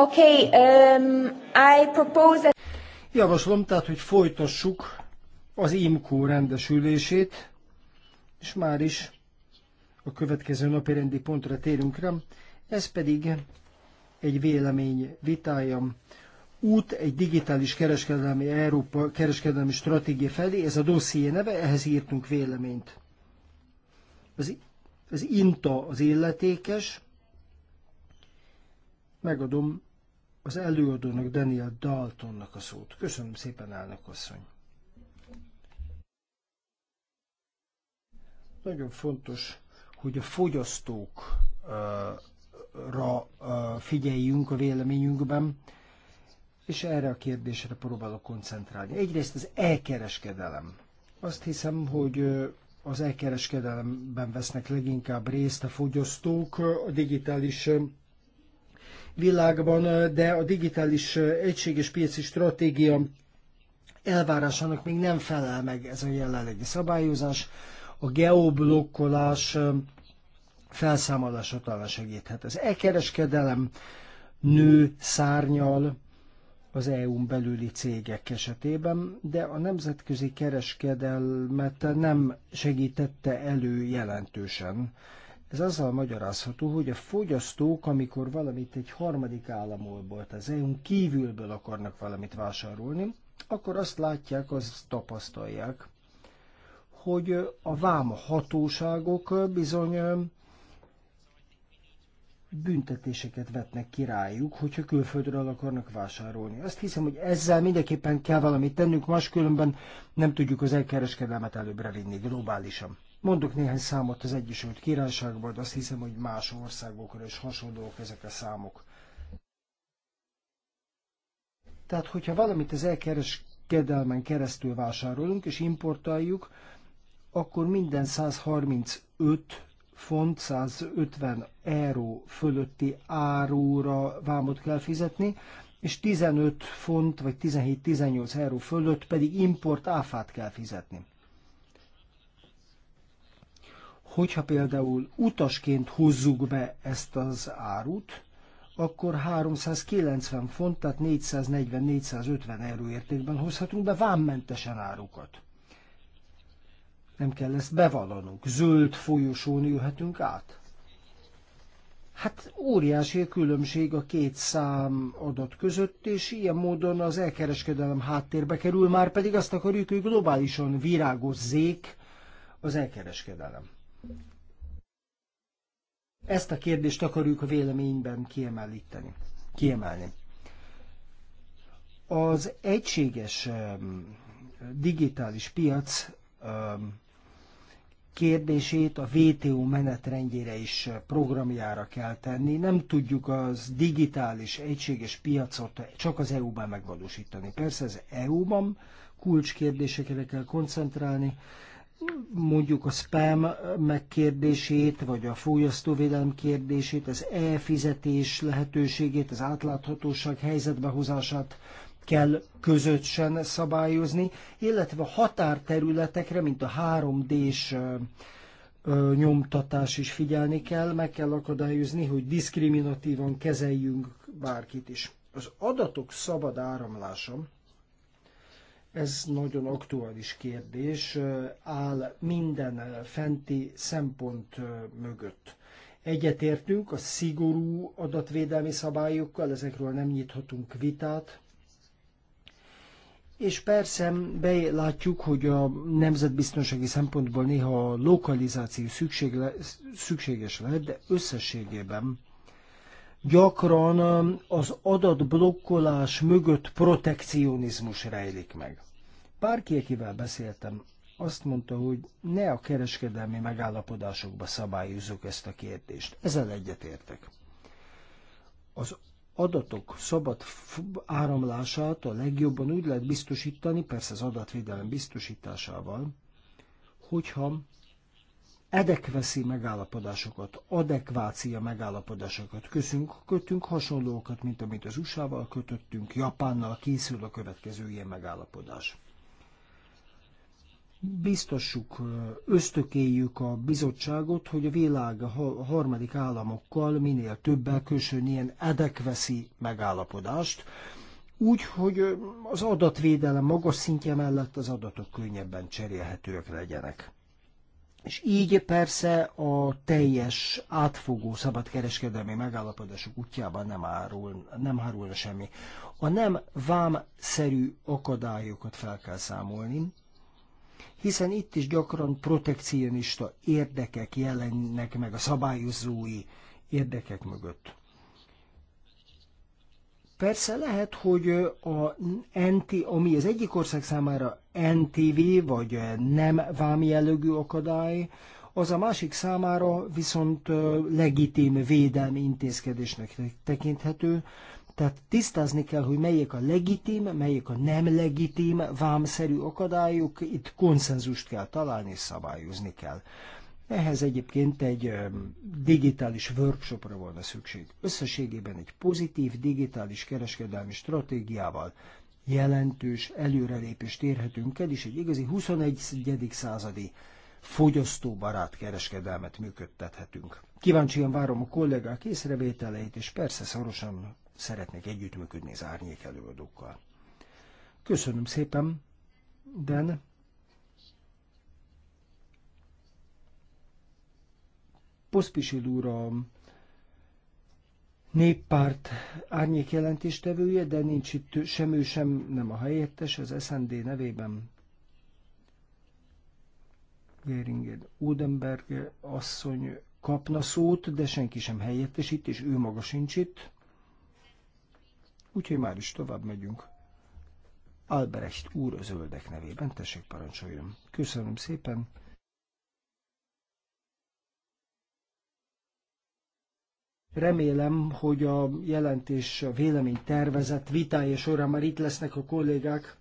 Okay, um, I propose that... Javaslom tehát, hogy folytassuk az IMCO rendesülését, és már is a következő napi rendi pontra térünk rá. Ez pedig egy vélemény vitája út egy digitális kereskedelmi Európa kereskedelmi stratégia felé, ez a dosszié neve, ehhez írtunk véleményt. Az, az INTA az illetékes, megadom az előadónak, Daniel Daltonnak a szót. Köszönöm szépen, elnök asszony! Nagyon fontos, hogy a fogyasztókra figyeljünk a véleményünkben, és erre a kérdésre próbálok koncentrálni. Egyrészt az elkereskedelem. Azt hiszem, hogy az elkereskedelemben vesznek leginkább részt a fogyasztók, a digitális világban, de a digitális egységes piaci stratégia elvárásának még nem felel meg ez a jelenlegi szabályozás. A geoblokkolás felszámolása talán segíthet. Az e-kereskedelem nő szárnyal az EU-n belüli cégek esetében, de a nemzetközi kereskedelmet nem segítette elő jelentősen. Ez azzal magyarázható, hogy a fogyasztók, amikor valamit egy harmadik államból, az EU-n kívülből akarnak valamit vásárolni, akkor azt látják, azt tapasztalják, hogy a vám hatóságok bizony büntetéseket vetnek királyuk, hogyha külföldről akarnak vásárolni. Azt hiszem, hogy ezzel mindenképpen kell valamit tennünk, máskülönben nem tudjuk az elkereskedelmet előbbre vinni globálisan. Mondok néhány számot az Egyesült Királyságban, de azt hiszem, hogy más országokra is hasonlók ezek a számok. Tehát, hogyha valamit az elkereskedelmen keresztül vásárolunk és importáljuk, akkor minden 135 font, 150 euró fölötti áróra vámot kell fizetni, és 15 font vagy 17-18 euró fölött pedig import áfát kell fizetni. Hogyha például utasként hozzuk be ezt az árut, akkor 390 font, tehát 440-450 euró értékben hozhatunk be vámmentesen árukat. Nem kell ezt bevallanunk. Zöld folyosón ülhetünk át. Hát óriási a különbség a két szám adat között, és ilyen módon az elkereskedelem háttérbe kerül, már pedig azt akarjuk, hogy globálisan virágozzék az elkereskedelem. Ezt a kérdést akarjuk a véleményben kiemelíteni, kiemelni. Az egységes digitális piac kérdését a WTO menetrendjére is eh, programjára kell tenni. Nem tudjuk az digitális egységes piacot csak az EU-ban megvalósítani. Persze az EU-ban kulcskérdésekre kell koncentrálni, mondjuk a spam megkérdését, vagy a fogyasztóvédelem kérdését, az e-fizetés lehetőségét, az átláthatóság helyzetbehozását kell közösen szabályozni, illetve határterületekre, mint a 3D-s nyomtatás is figyelni kell, meg kell akadályozni, hogy diszkriminatívan kezeljünk bárkit is. Az adatok szabad áramlása ez nagyon aktuális kérdés, áll minden fenti szempont mögött. Egyetértünk a szigorú adatvédelmi szabályokkal, ezekről nem nyithatunk vitát, és persze belátjuk, hogy a nemzetbiztonsági szempontból néha a lokalizáció szükséges lehet, de összességében gyakran um, az adatblokkolás mögött protekcionizmus rejlik meg. Bárki, akivel beszéltem, azt mondta, hogy ne a kereskedelmi megállapodásokba szabályozzuk ezt a kérdést. Ezzel egyetértek. Az adatok szabad áramlását a legjobban úgy lehet biztosítani, persze az adatvédelem biztosításával, hogyha edekveszi megállapodásokat, adekvácia megállapodásokat köszünk, kötünk hasonlókat, mint amit az USA-val kötöttünk, Japánnal készül a következő ilyen megállapodás. Biztassuk, ösztökéljük a bizottságot, hogy a világ a harmadik államokkal minél többel köszön ilyen edekveszi megállapodást, úgy, hogy az adatvédelem magas szintje mellett az adatok könnyebben cserélhetőek legyenek. És így persze a teljes, átfogó szabadkereskedelmi megállapodások útjában nem, árul, nem árulna semmi. A nem vámszerű akadályokat fel kell számolni, hiszen itt is gyakran protekcionista érdekek jelennek meg a szabályozói érdekek mögött. Persze lehet, hogy a enti, ami az egyik ország számára NTV, vagy nem jellegű akadály, az a másik számára viszont legitim védelmi intézkedésnek tekinthető, tehát tisztázni kell, hogy melyek a legitim, melyek a nem legitim vámszerű akadályok, itt konszenzust kell találni és szabályozni kell. Ehhez egyébként egy digitális workshopra volna szükség. Összességében egy pozitív digitális kereskedelmi stratégiával jelentős előrelépést érhetünk el, és egy igazi 21. századi fogyasztóbarát kereskedelmet működtethetünk. Kíváncsian várom a kollégák észrevételeit, és persze szorosan szeretnék együttműködni az árnyék előadókkal. Köszönöm szépen, Dan. Poszpisil úr a néppárt árnyék jelentéstevője, de nincs itt sem ő, sem nem a helyettes, az SND nevében. Geringer Udenberg asszony kapna szót, de senki sem helyettesít, és ő maga sincs itt. Úgyhogy már is tovább megyünk. Albrecht úr a zöldek nevében, tessék parancsoljon. Köszönöm szépen. Remélem, hogy a jelentés a vélemény tervezett vitája során már itt lesznek a kollégák.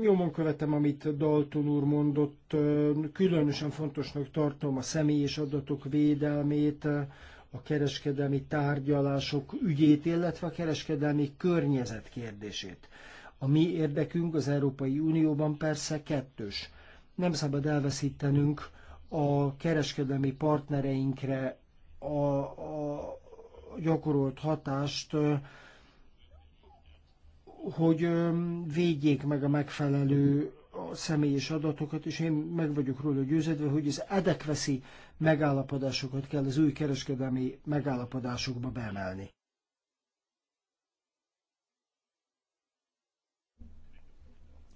Nyomon követem, amit Dalton úr mondott. Különösen fontosnak tartom a személyes adatok védelmét, a kereskedelmi tárgyalások ügyét, illetve a kereskedelmi környezet kérdését. A mi érdekünk az Európai Unióban persze kettős nem szabad elveszítenünk a kereskedelmi partnereinkre a, a gyakorolt hatást, hogy védjék meg a megfelelő személyes adatokat, és én meg vagyok róla győződve, hogy az adekveszi megállapodásokat kell az új kereskedelmi megállapodásokba beemelni.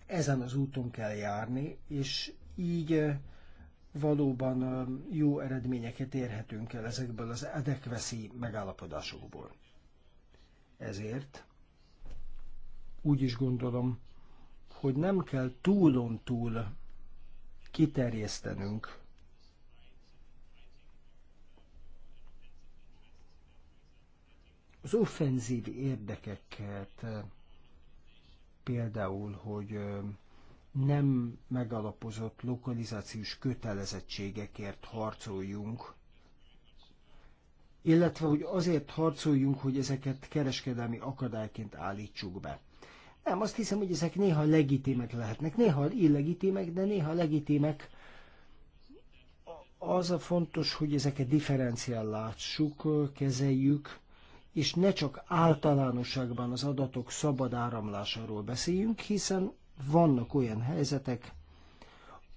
ezen az úton kell járni, és így valóban jó eredményeket érhetünk el ezekből az adekveszi megállapodásokból. Ezért úgy is gondolom, hogy nem kell túlon túl kiterjesztenünk az offenzív érdekeket például, hogy nem megalapozott lokalizációs kötelezettségekért harcoljunk, illetve hogy azért harcoljunk, hogy ezeket kereskedelmi akadályként állítsuk be. Nem, azt hiszem, hogy ezek néha legitimek lehetnek, néha illegitimek, de néha legitimek. Az a fontos, hogy ezeket differenciál látsuk, kezeljük, és ne csak általánosságban az adatok szabad áramlásáról beszéljünk, hiszen vannak olyan helyzetek,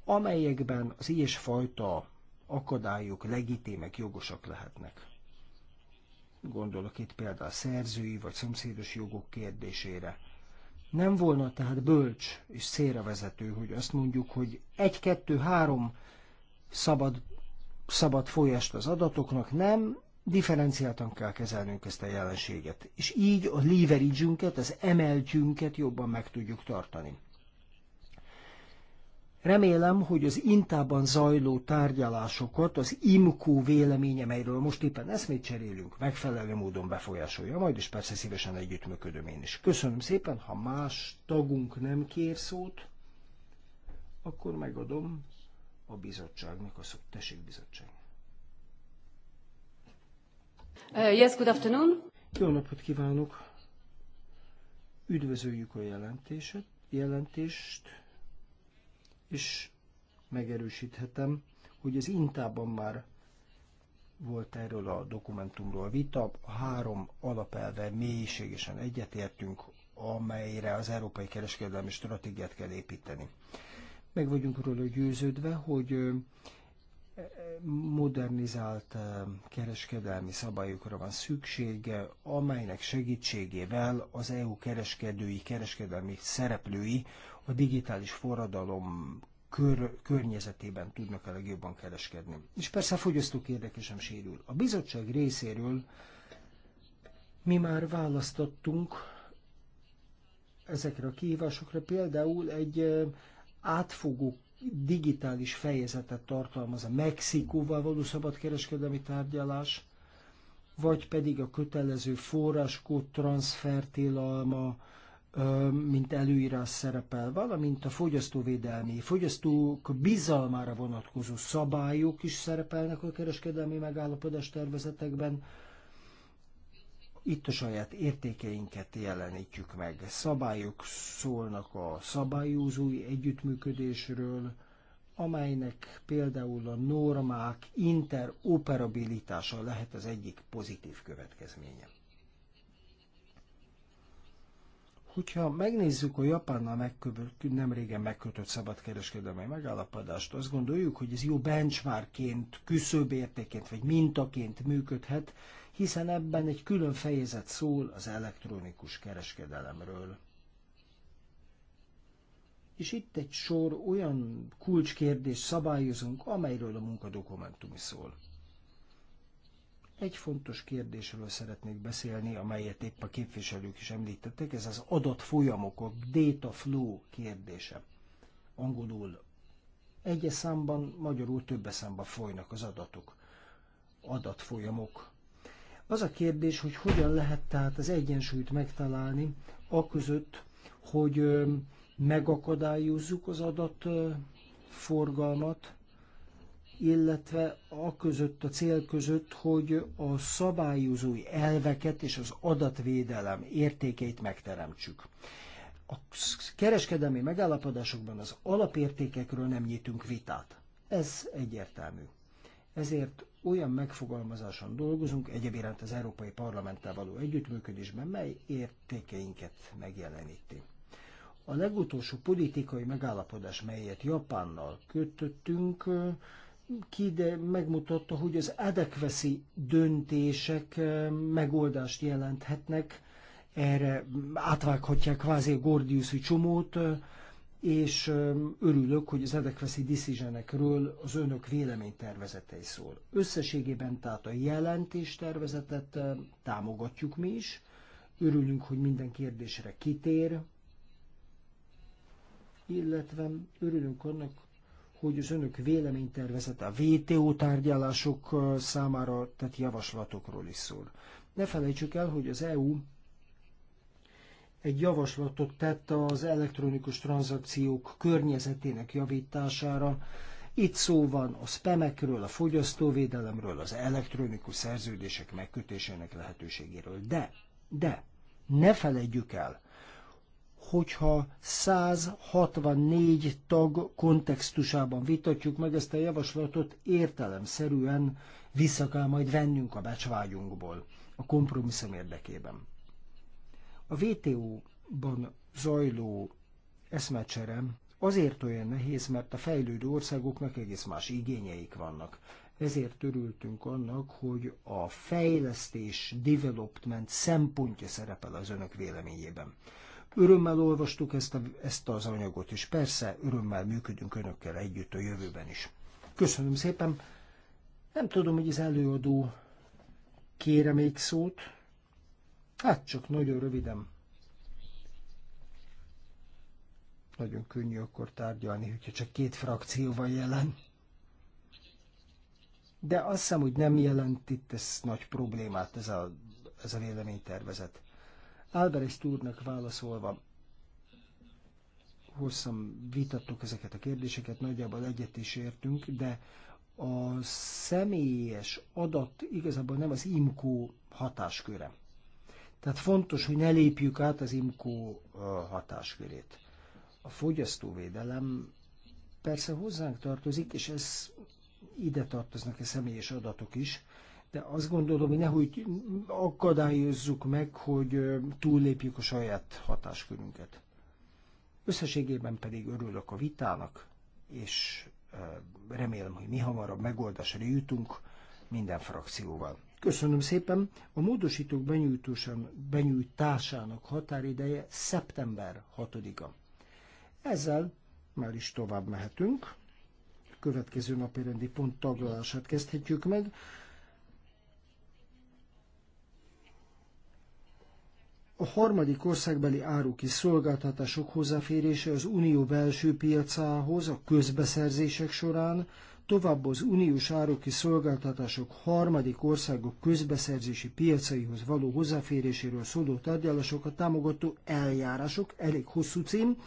amelyekben az ilyesfajta akadályok legitémek, jogosak lehetnek. Gondolok itt például a szerzői vagy szomszédos jogok kérdésére. Nem volna tehát bölcs és szélrevezető, hogy azt mondjuk, hogy egy-kettő-három szabad, szabad folyást az adatoknak, nem, differenciáltan kell kezelnünk ezt a jelenséget, és így a leverage az emeltjünket jobban meg tudjuk tartani. Remélem, hogy az Intában zajló tárgyalásokat az IMCO véleménye, melyről most éppen eszmét cserélünk, megfelelő módon befolyásolja, majd is persze szívesen együttműködöm én is. Köszönöm szépen, ha más tagunk nem kér szót, akkor megadom a bizottságnak a szót. Tessék, bizottság! Uh, yes, good afternoon. Jó napot kívánok! Üdvözöljük a jelentéset, jelentést, és megerősíthetem, hogy az Intában már volt erről a dokumentumról vita, a három alapelve mélységesen egyetértünk, amelyre az európai kereskedelmi stratégiát kell építeni. Meg vagyunk róla győződve, hogy modernizált eh, kereskedelmi szabályokra van szüksége, amelynek segítségével az EU kereskedői, kereskedelmi szereplői a digitális forradalom kör, környezetében tudnak a legjobban kereskedni. És persze a fogyasztók érdeke sem sérül. A bizottság részéről mi már választottunk ezekre a kihívásokra, például egy eh, átfogó digitális fejezetet tartalmaz a Mexikóval való szabadkereskedelmi tárgyalás, vagy pedig a kötelező forráskód transfer mint előírás szerepel, valamint a fogyasztóvédelmi, fogyasztók bizalmára vonatkozó szabályok is szerepelnek a kereskedelmi megállapodás tervezetekben, itt a saját értékeinket jelenítjük meg. Szabályok szólnak a szabályozói együttműködésről, amelynek például a normák interoperabilitása lehet az egyik pozitív következménye. Hogyha megnézzük a Japánnal nem régen megkötött szabadkereskedelmi megállapodást, azt gondoljuk, hogy ez jó benchmarkként, küszöbértéként vagy mintaként működhet, hiszen ebben egy külön fejezet szól az elektronikus kereskedelemről. És itt egy sor olyan kulcskérdés szabályozunk, amelyről a munkadokumentum is szól. Egy fontos kérdésről szeretnék beszélni, amelyet épp a képviselők is említettek, ez az adatfolyamok, a data flow kérdése. Angolul egyes számban, magyarul többes számban folynak az adatok, adatfolyamok. Az a kérdés, hogy hogyan lehet tehát az egyensúlyt megtalálni, aközött, hogy megakadályozzuk az adat forgalmat, illetve a között, a cél között, hogy a szabályozói elveket és az adatvédelem értékeit megteremtsük. A kereskedelmi megállapodásokban az alapértékekről nem nyitunk vitát. Ez egyértelmű. Ezért olyan megfogalmazáson dolgozunk, egyébként az Európai Parlamenttel való együttműködésben, mely értékeinket megjeleníti. A legutolsó politikai megállapodás, melyet Japánnal kötöttünk, ki de megmutatta, hogy az adekveszi döntések eh, megoldást jelenthetnek, erre átvághatják kvázi a Gordiuszi csomót, eh, és örülök, hogy az adequacy decision az önök véleménytervezetei szól. Összességében tehát a jelentéstervezetet támogatjuk mi is, örülünk, hogy minden kérdésre kitér, illetve örülünk annak, hogy az önök véleménytervezete a VTO tárgyalások számára tett javaslatokról is szól. Ne felejtsük el, hogy az EU egy javaslatot tett az elektronikus tranzakciók környezetének javítására. Itt szó van a spemekről, a fogyasztóvédelemről, az elektronikus szerződések megkötésének lehetőségéről. De, de, ne felejtjük el, hogyha 164 tag kontextusában vitatjuk meg ezt a javaslatot, értelemszerűen vissza kell majd vennünk a becsvágyunkból a kompromisszum érdekében. A vto ban zajló eszmecserem azért olyan nehéz, mert a fejlődő országoknak egész más igényeik vannak. Ezért törültünk annak, hogy a fejlesztés, development szempontja szerepel az önök véleményében. Örömmel olvastuk ezt, a, ezt az anyagot, és persze örömmel működünk önökkel együtt a jövőben is. Köszönöm szépen! Nem tudom, hogy az előadó kére még szót. Hát csak nagyon röviden. Nagyon könnyű akkor tárgyalni, hogyha csak két frakció van jelen. De azt hiszem, hogy nem jelent itt ez nagy problémát, ez a, ez a véleménytervezet. Álberecht úrnak válaszolva, hosszan vitattuk ezeket a kérdéseket, nagyjából egyet is értünk, de a személyes adat igazából nem az IMCO hatásköre. Tehát fontos, hogy ne lépjük át az IMCO hatáskörét. A fogyasztóvédelem persze hozzánk tartozik, és ez ide tartoznak a személyes adatok is, de azt gondolom, hogy nehogy akadályozzuk meg, hogy túllépjük a saját hatáskörünket. Összességében pedig örülök a vitának, és remélem, hogy mi hamarabb megoldásra jutunk minden frakcióval. Köszönöm szépen. A módosítók benyújtásának határideje szeptember 6-a. Ezzel már is tovább mehetünk. Következő napi rendi pont taglalását kezdhetjük meg. A harmadik országbeli áruk szolgáltatások hozzáférése az unió belső piacához a közbeszerzések során, tovább az uniós áruki szolgáltatások harmadik országok közbeszerzési piacaihoz való hozzáféréséről szóló tárgyalásokat támogató eljárások, elég hosszú cím,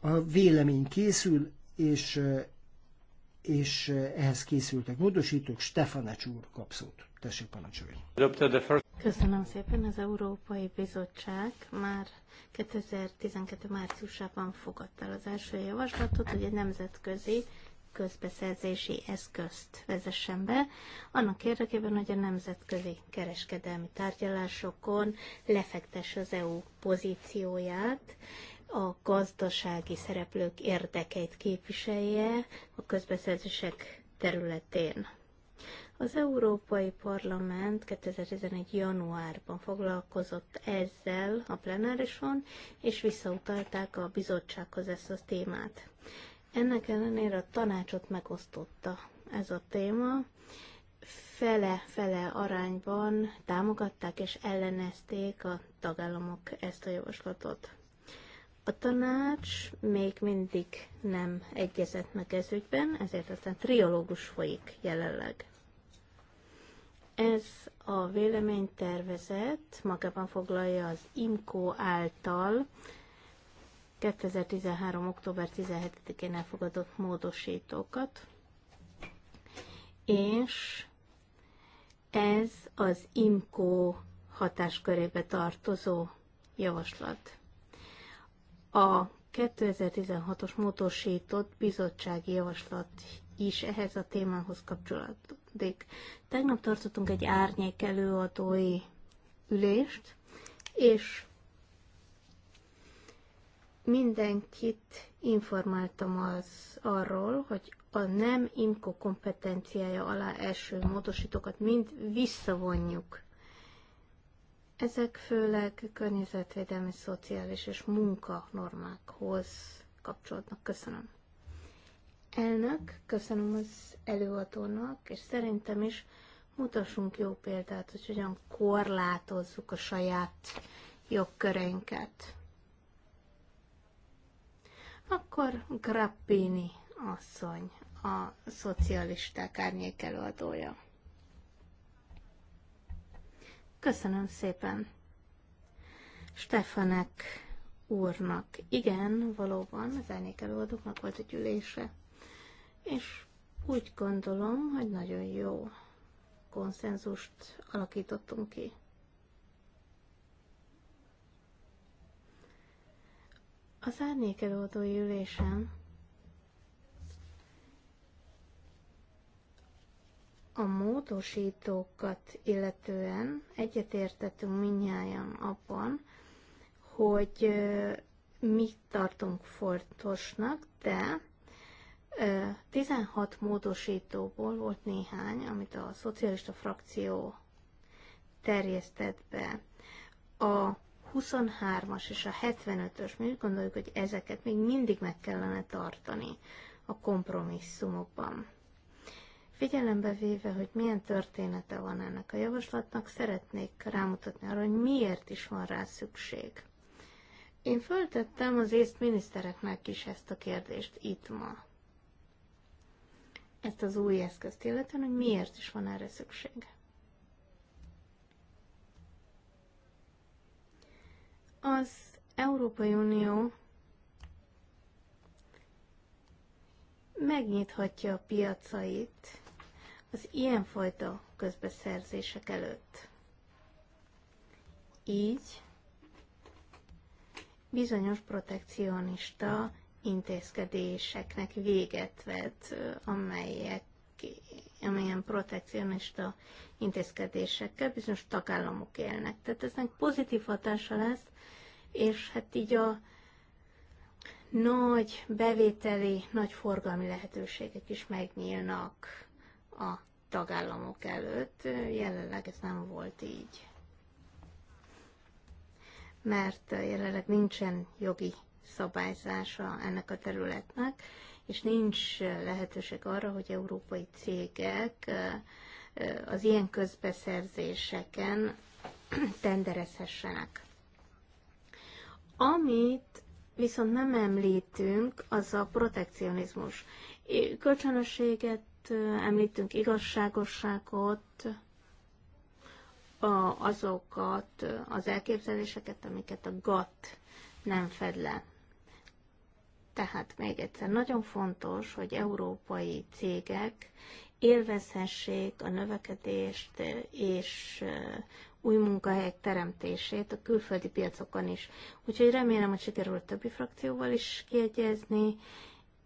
a vélemény készül, és, és ehhez készültek módosítók, Stefanecs úr kapszót. Tessék parancsolni. Köszönöm szépen, az Európai Bizottság már 2012. márciusában fogadta el az első javaslatot, hogy egy nemzetközi közbeszerzési eszközt vezessen be, annak érdekében, hogy a nemzetközi kereskedelmi tárgyalásokon lefektesse az EU pozícióját, a gazdasági szereplők érdekeit képviselje a közbeszerzések területén. Az Európai Parlament 2011. januárban foglalkozott ezzel a plenárison, és visszautalták a bizottsághoz ezt a témát. Ennek ellenére a tanácsot megosztotta ez a téma. Fele-fele arányban támogatták és ellenezték a tagállamok ezt a javaslatot. A tanács még mindig nem egyezett meg ez ügyben, ezért aztán triológus folyik jelenleg. Ez a véleménytervezet magában foglalja az IMCO által 2013. október 17-én elfogadott módosítókat, és ez az IMCO hatáskörébe tartozó javaslat. A 2016-os módosított bizottsági javaslat is ehhez a témához kapcsolódik. Tegnap tartottunk egy árnyék előadói ülést, és mindenkit informáltam az arról, hogy a nem IMCO kompetenciája alá eső módosítókat mind visszavonjuk. Ezek főleg környezetvédelmi, szociális és munkanormákhoz kapcsolódnak. Köszönöm. Elnök, köszönöm az előadónak, és szerintem is mutassunk jó példát, hogy hogyan korlátozzuk a saját jogköreinket. Akkor Grappini asszony, a szocialisták árnyék előadója. Köszönöm szépen. Stefanek úrnak. Igen, valóban, az árnyék előadóknak volt egy ülése. És úgy gondolom, hogy nagyon jó konszenzust alakítottunk ki. Az árnyékelődői ülésen a módosítókat illetően egyetértettünk minnyáján abban, hogy mit tartunk fontosnak, de 16 módosítóból volt néhány, amit a szocialista frakció terjesztett be. A 23-as és a 75-ös, mi úgy gondoljuk, hogy ezeket még mindig meg kellene tartani a kompromisszumokban. Figyelembe véve, hogy milyen története van ennek a javaslatnak, szeretnék rámutatni arra, hogy miért is van rá szükség. Én föltettem az észt minisztereknek is ezt a kérdést itt ma. Ezt az új eszközt illetően, hogy miért is van erre szükség. Az Európai Unió megnyithatja a piacait az ilyenfajta közbeszerzések előtt. Így bizonyos protekcionista intézkedéseknek véget vet, amelyek amilyen protekcionista intézkedésekkel bizonyos tagállamok élnek. Tehát eznek pozitív hatása lesz, és hát így a nagy bevételi, nagy forgalmi lehetőségek is megnyílnak a tagállamok előtt. Jelenleg ez nem volt így. Mert jelenleg nincsen jogi szabályzása ennek a területnek, és nincs eh, lehetőség arra, hogy európai cégek eh, eh, az ilyen közbeszerzéseken tenderezhessenek. Amit viszont nem említünk, az a protekcionizmus. Kölcsönösséget említünk, igazságosságot, azokat az elképzeléseket, amiket a GATT nem fed le. Tehát még egyszer nagyon fontos, hogy európai cégek élvezhessék a növekedést és eh, új munkahelyek teremtését a külföldi piacokon is. Úgyhogy remélem, hogy sikerült többi frakcióval is kiegyezni,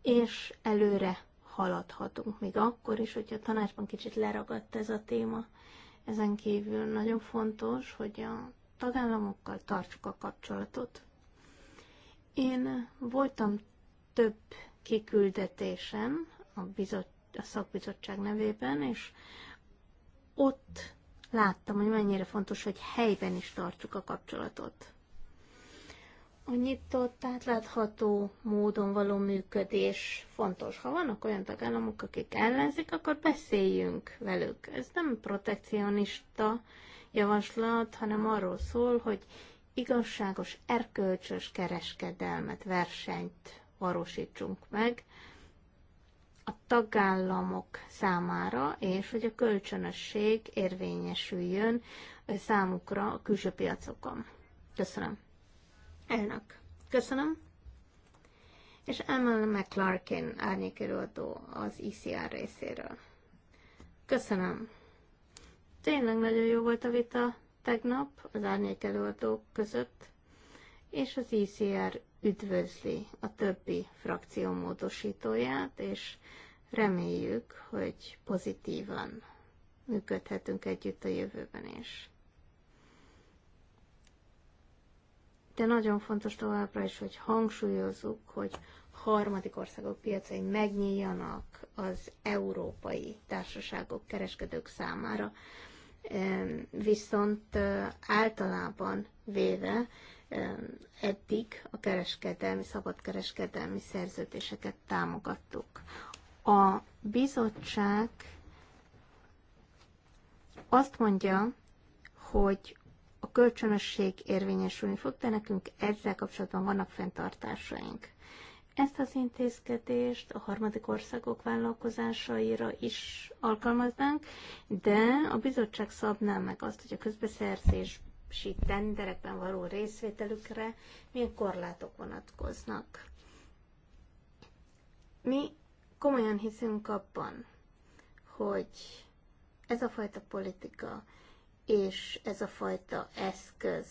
és előre haladhatunk, még akkor is, hogyha a tanácsban kicsit leragadt ez a téma. Ezen kívül nagyon fontos, hogy a tagállamokkal tartsuk a kapcsolatot. Én voltam több kiküldetésem a, bizot, a szakbizottság nevében, és ott láttam, hogy mennyire fontos, hogy helyben is tartsuk a kapcsolatot. A nyitott, átlátható módon való működés fontos. Ha vannak olyan tagállamok, akik ellenzik, akkor beszéljünk velük. Ez nem protekcionista javaslat, hanem arról szól, hogy igazságos, erkölcsös kereskedelmet, versenyt valósítsunk meg a tagállamok számára, és hogy a kölcsönösség érvényesüljön számukra a külső piacokon. Köszönöm. Elnök. Köszönöm. És Emel McClarkin árnyékelőadó az ICR e részéről. Köszönöm. Tényleg nagyon jó volt a vita tegnap az árnyékelőadók között, és az ICR e üdvözli a többi frakció módosítóját, és reméljük, hogy pozitívan működhetünk együtt a jövőben is. De nagyon fontos továbbra is, hogy hangsúlyozzuk, hogy harmadik országok piacai megnyíljanak az európai társaságok, kereskedők számára, viszont általában véve eddig a kereskedelmi, szabadkereskedelmi szerződéseket támogattuk. A bizottság azt mondja, hogy a kölcsönösség érvényesülni fog, de nekünk ezzel kapcsolatban vannak fenntartásaink. Ezt az intézkedést a harmadik országok vállalkozásaira is alkalmaznánk, de a bizottság szabná meg azt, hogy a közbeszerzés si tenderekben való részvételükre milyen korlátok vonatkoznak. Mi komolyan hiszünk abban, hogy ez a fajta politika és ez a fajta eszköz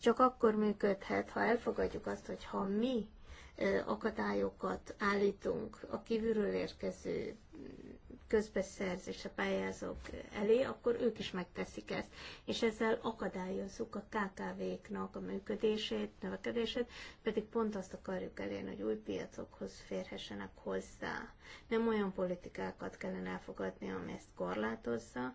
csak akkor működhet, ha elfogadjuk azt, hogy ha mi akadályokat állítunk a kívülről érkező közbeszerzés a pályázók elé, akkor ők is megteszik ezt. És ezzel akadályozzuk a KKV-knak a működését, növekedését, pedig pont azt akarjuk elérni, hogy új piacokhoz férhessenek hozzá. Nem olyan politikákat kellene elfogadni, ami ezt korlátozza,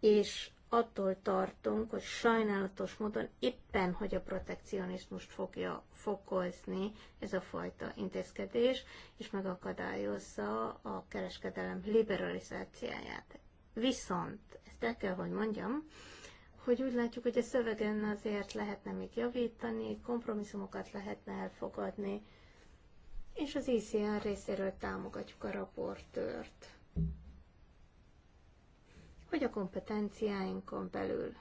és attól tartunk, hogy sajnálatos módon éppen, hogy a protekcionizmust fogja fokozni ez a fajta intézkedés, és megakadályozza a kereskedelem liberalizációját. Viszont, ezt el kell, hogy mondjam, hogy úgy látjuk, hogy a szövegen azért lehetne még javítani, kompromisszumokat lehetne elfogadni, és az ICR részéről támogatjuk a raportőrt vagy a kompetenciáinkon belül.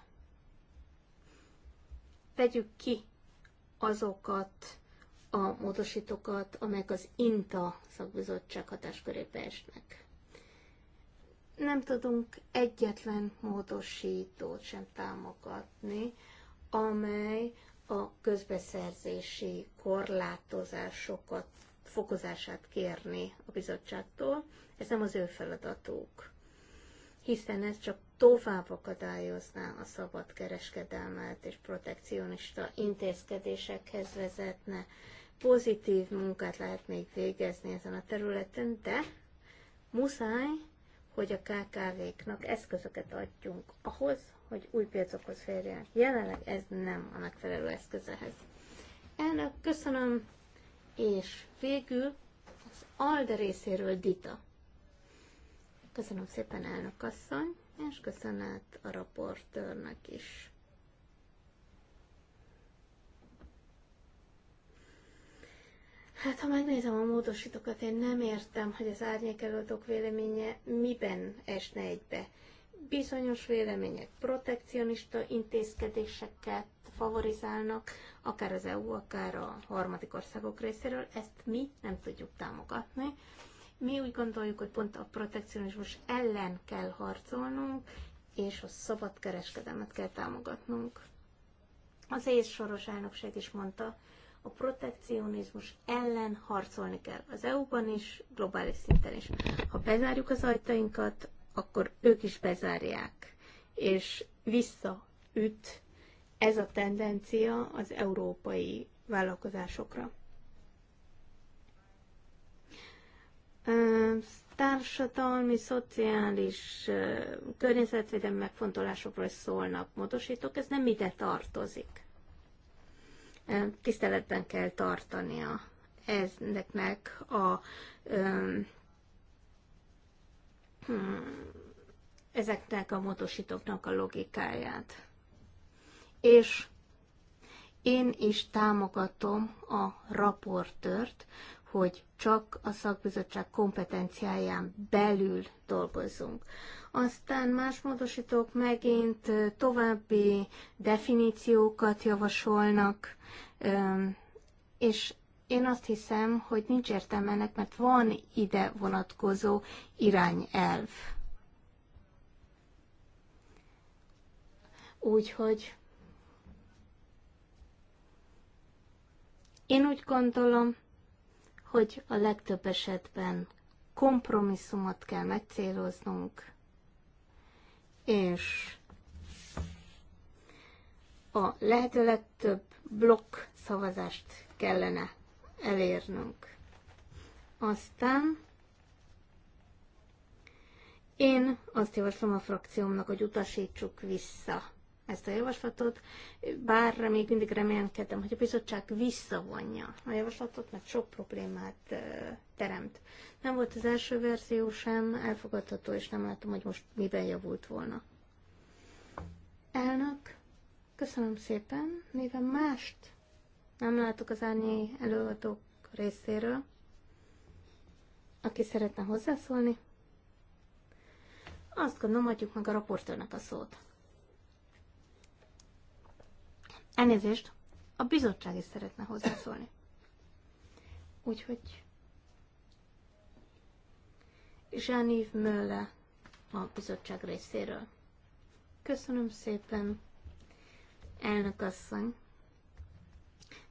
Vegyük ki azokat a módosítókat, amelyek az INTA szakbizottság hatáskörébe esnek. Nem tudunk egyetlen módosítót sem támogatni, amely a közbeszerzési korlátozásokat, fokozását kérni a bizottságtól. Ez nem az ő feladatuk hiszen ez csak tovább akadályozná a szabad kereskedelmet és protekcionista intézkedésekhez vezetne. Pozitív munkát lehet még végezni ezen a területen, de muszáj, hogy a KKV-knak eszközöket adjunk ahhoz, hogy új piacokhoz férjen. Jelenleg ez nem a megfelelő eszközehez. Elnök, köszönöm, és végül az ALDE részéről Dita. Köszönöm szépen, elnök asszony, és köszönet a raportőrnek is. Hát, ha megnézem a módosítókat, én nem értem, hogy az árnyékelőadók véleménye miben esne egybe. Bizonyos vélemények protekcionista intézkedéseket favorizálnak, akár az EU, akár a harmadik országok részéről, ezt mi nem tudjuk támogatni, mi úgy gondoljuk, hogy pont a protekcionizmus ellen kell harcolnunk, és a szabad kereskedelmet kell támogatnunk. Az ész soros elnökség is mondta, a protekcionizmus ellen harcolni kell. Az EU-ban is, globális szinten is. Ha bezárjuk az ajtainkat, akkor ők is bezárják, és visszaüt ez a tendencia az európai vállalkozásokra. társadalmi, szociális, környezetvédelmi megfontolásokról szólnak módosítók, ez nem ide tartozik. Tiszteletben kell tartania ezeknek a ezeknek a módosítóknak a logikáját. És én is támogatom a raportört, hogy csak a szakbizottság kompetenciáján belül dolgozzunk. Aztán más módosítók megint további definíciókat javasolnak, és én azt hiszem, hogy nincs értelme ennek, mert van ide vonatkozó irányelv. Úgyhogy én úgy gondolom, hogy a legtöbb esetben kompromisszumot kell megcéloznunk, és a lehető legtöbb blokk szavazást kellene elérnünk. Aztán én azt javaslom a frakciómnak, hogy utasítsuk vissza ezt a javaslatot, bár még mindig reménykedem, hogy a bizottság visszavonja a javaslatot, mert sok problémát teremt. Nem volt az első verzió sem elfogadható, és nem látom, hogy most miben javult volna. Elnök, köszönöm szépen, mivel mást nem látok az árnyé előadók részéről, aki szeretne hozzászólni, azt gondolom, adjuk meg a raportőrnek a szót. Elnézést, a bizottság is szeretne hozzászólni. Úgyhogy Zsánív Mölle a bizottság részéről. Köszönöm szépen, elnök asszony.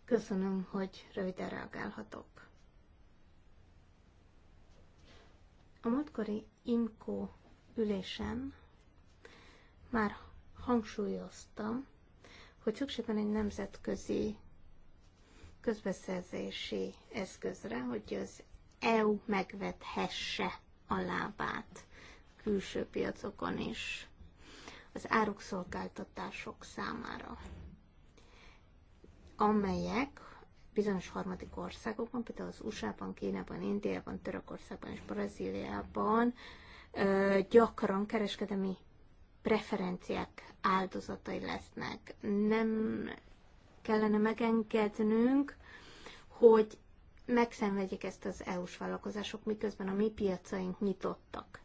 Köszönöm, hogy röviden reagálhatok. A múltkori IMCO ülésen már hangsúlyoztam, hogy szükség van egy nemzetközi közbeszerzési eszközre, hogy az EU megvethesse a lábát külső piacokon is az áruk szolgáltatások számára, amelyek bizonyos harmadik országokban, például az USA-ban, Kínában, Indiában, Törökországban és Brazíliában gyakran kereskedemi preferenciák áldozatai lesznek. Nem kellene megengednünk, hogy megszenvedjék ezt az EU-s vállalkozások, miközben a mi piacaink nyitottak.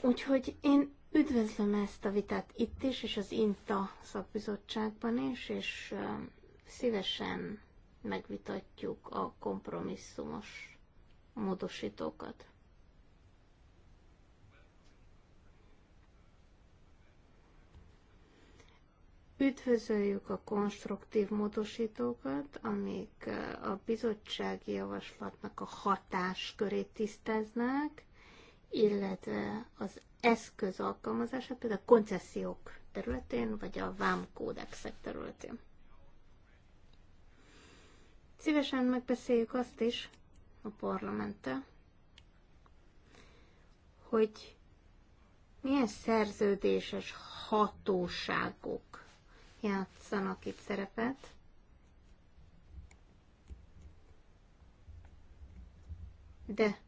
Úgyhogy én üdvözlöm ezt a vitát itt is, és az INTA szakbizottságban is, és szívesen megvitatjuk a kompromisszumos módosítókat. Üdvözöljük a konstruktív módosítókat, amik eh, a bizottsági javaslatnak a hatáskörét tisztáznák, illetve az eszköz alkalmazását, például a koncesziók területén, vagy a vámkódexek területén. Szívesen megbeszéljük azt is a parlamenttel, hogy milyen szerződéses hatóságok játszanak itt szerepet. De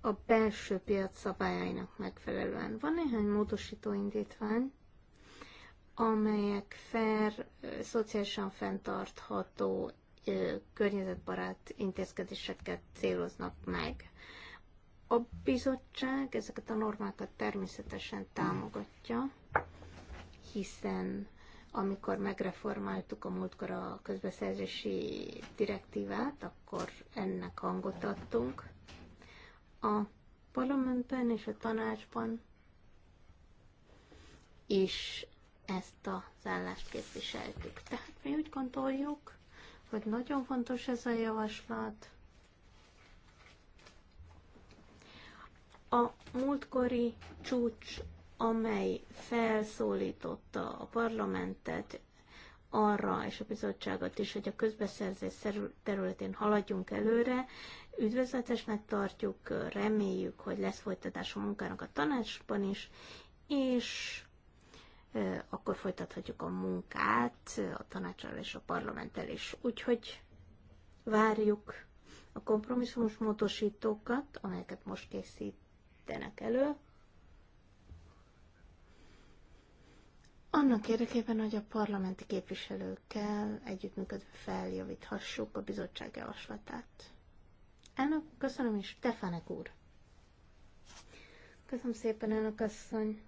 a belső piac szabályainak megfelelően. Van néhány módosító indítvány, amelyek fair, szociálisan fenntartható, környezetbarát intézkedéseket céloznak meg. A bizottság ezeket a normákat természetesen támogatja, hiszen amikor megreformáltuk a múltkor a közbeszerzési direktívát, akkor ennek hangot adtunk. A parlamentben és a tanácsban is ezt az állást képviseltük. Tehát mi úgy gondoljuk, hogy nagyon fontos ez a javaslat. A múltkori csúcs amely felszólította a parlamentet arra, és a bizottságot is, hogy a közbeszerzés területén haladjunk előre. Üdvözletesnek tartjuk, reméljük, hogy lesz folytatás a munkának a tanácsban is, és akkor folytathatjuk a munkát a tanácsal és a parlamenttel is. Úgyhogy várjuk a kompromisszumos módosítókat, amelyeket most készítenek elő. annak érdekében, hogy a parlamenti képviselőkkel együttműködve feljavíthassuk a bizottság javaslatát. Elnök, köszönöm is, Stefanek úr. Köszönöm szépen, elnök asszony.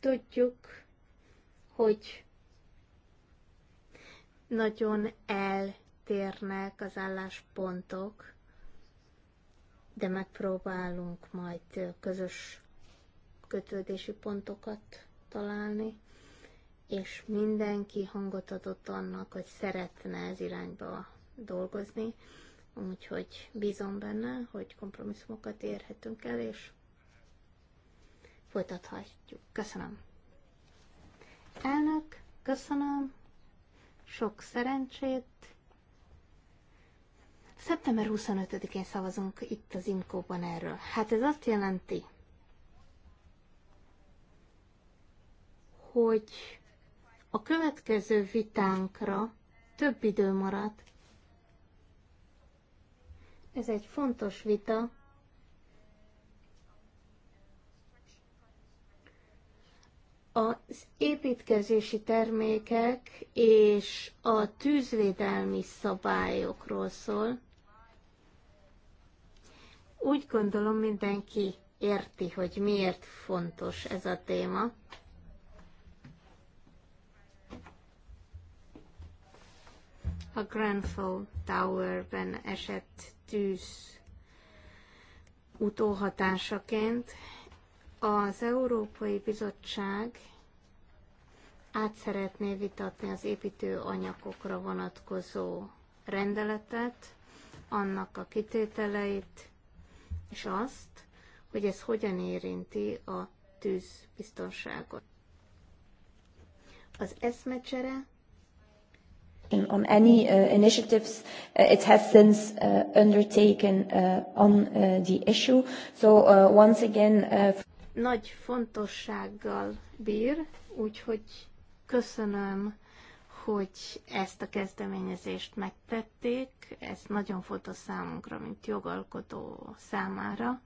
Tudjuk, hogy nagyon eltérnek az álláspontok, de megpróbálunk majd közös kötődési pontokat találni, és mindenki hangot adott annak, hogy szeretne ez irányba dolgozni, úgyhogy bízom benne, hogy kompromisszumokat érhetünk el, és folytathatjuk. Köszönöm. Elnök, köszönöm, sok szerencsét, Szeptember 25-én szavazunk itt az Imkóban erről. Hát ez azt jelenti, hogy a következő vitánkra több idő maradt. Ez egy fontos vita. Az építkezési termékek és a tűzvédelmi szabályokról szól. Úgy gondolom mindenki érti, hogy miért fontos ez a téma. A Grenfell Towerben esett tűz utóhatásaként az Európai Bizottság át szeretné vitatni az építőanyagokra vonatkozó rendeletet, annak a kitételeit, és azt, hogy ez hogyan érinti a tűzbiztonságot. Az eszmecsere on any uh, initiatives uh, it has since uh, undertaken uh, on uh, the issue. So uh, once again... Uh, Nagy fontossággal bír, úgyhogy köszönöm hogy ezt a kezdeményezést megtették, ez nagyon fontos számunkra, mint jogalkotó számára,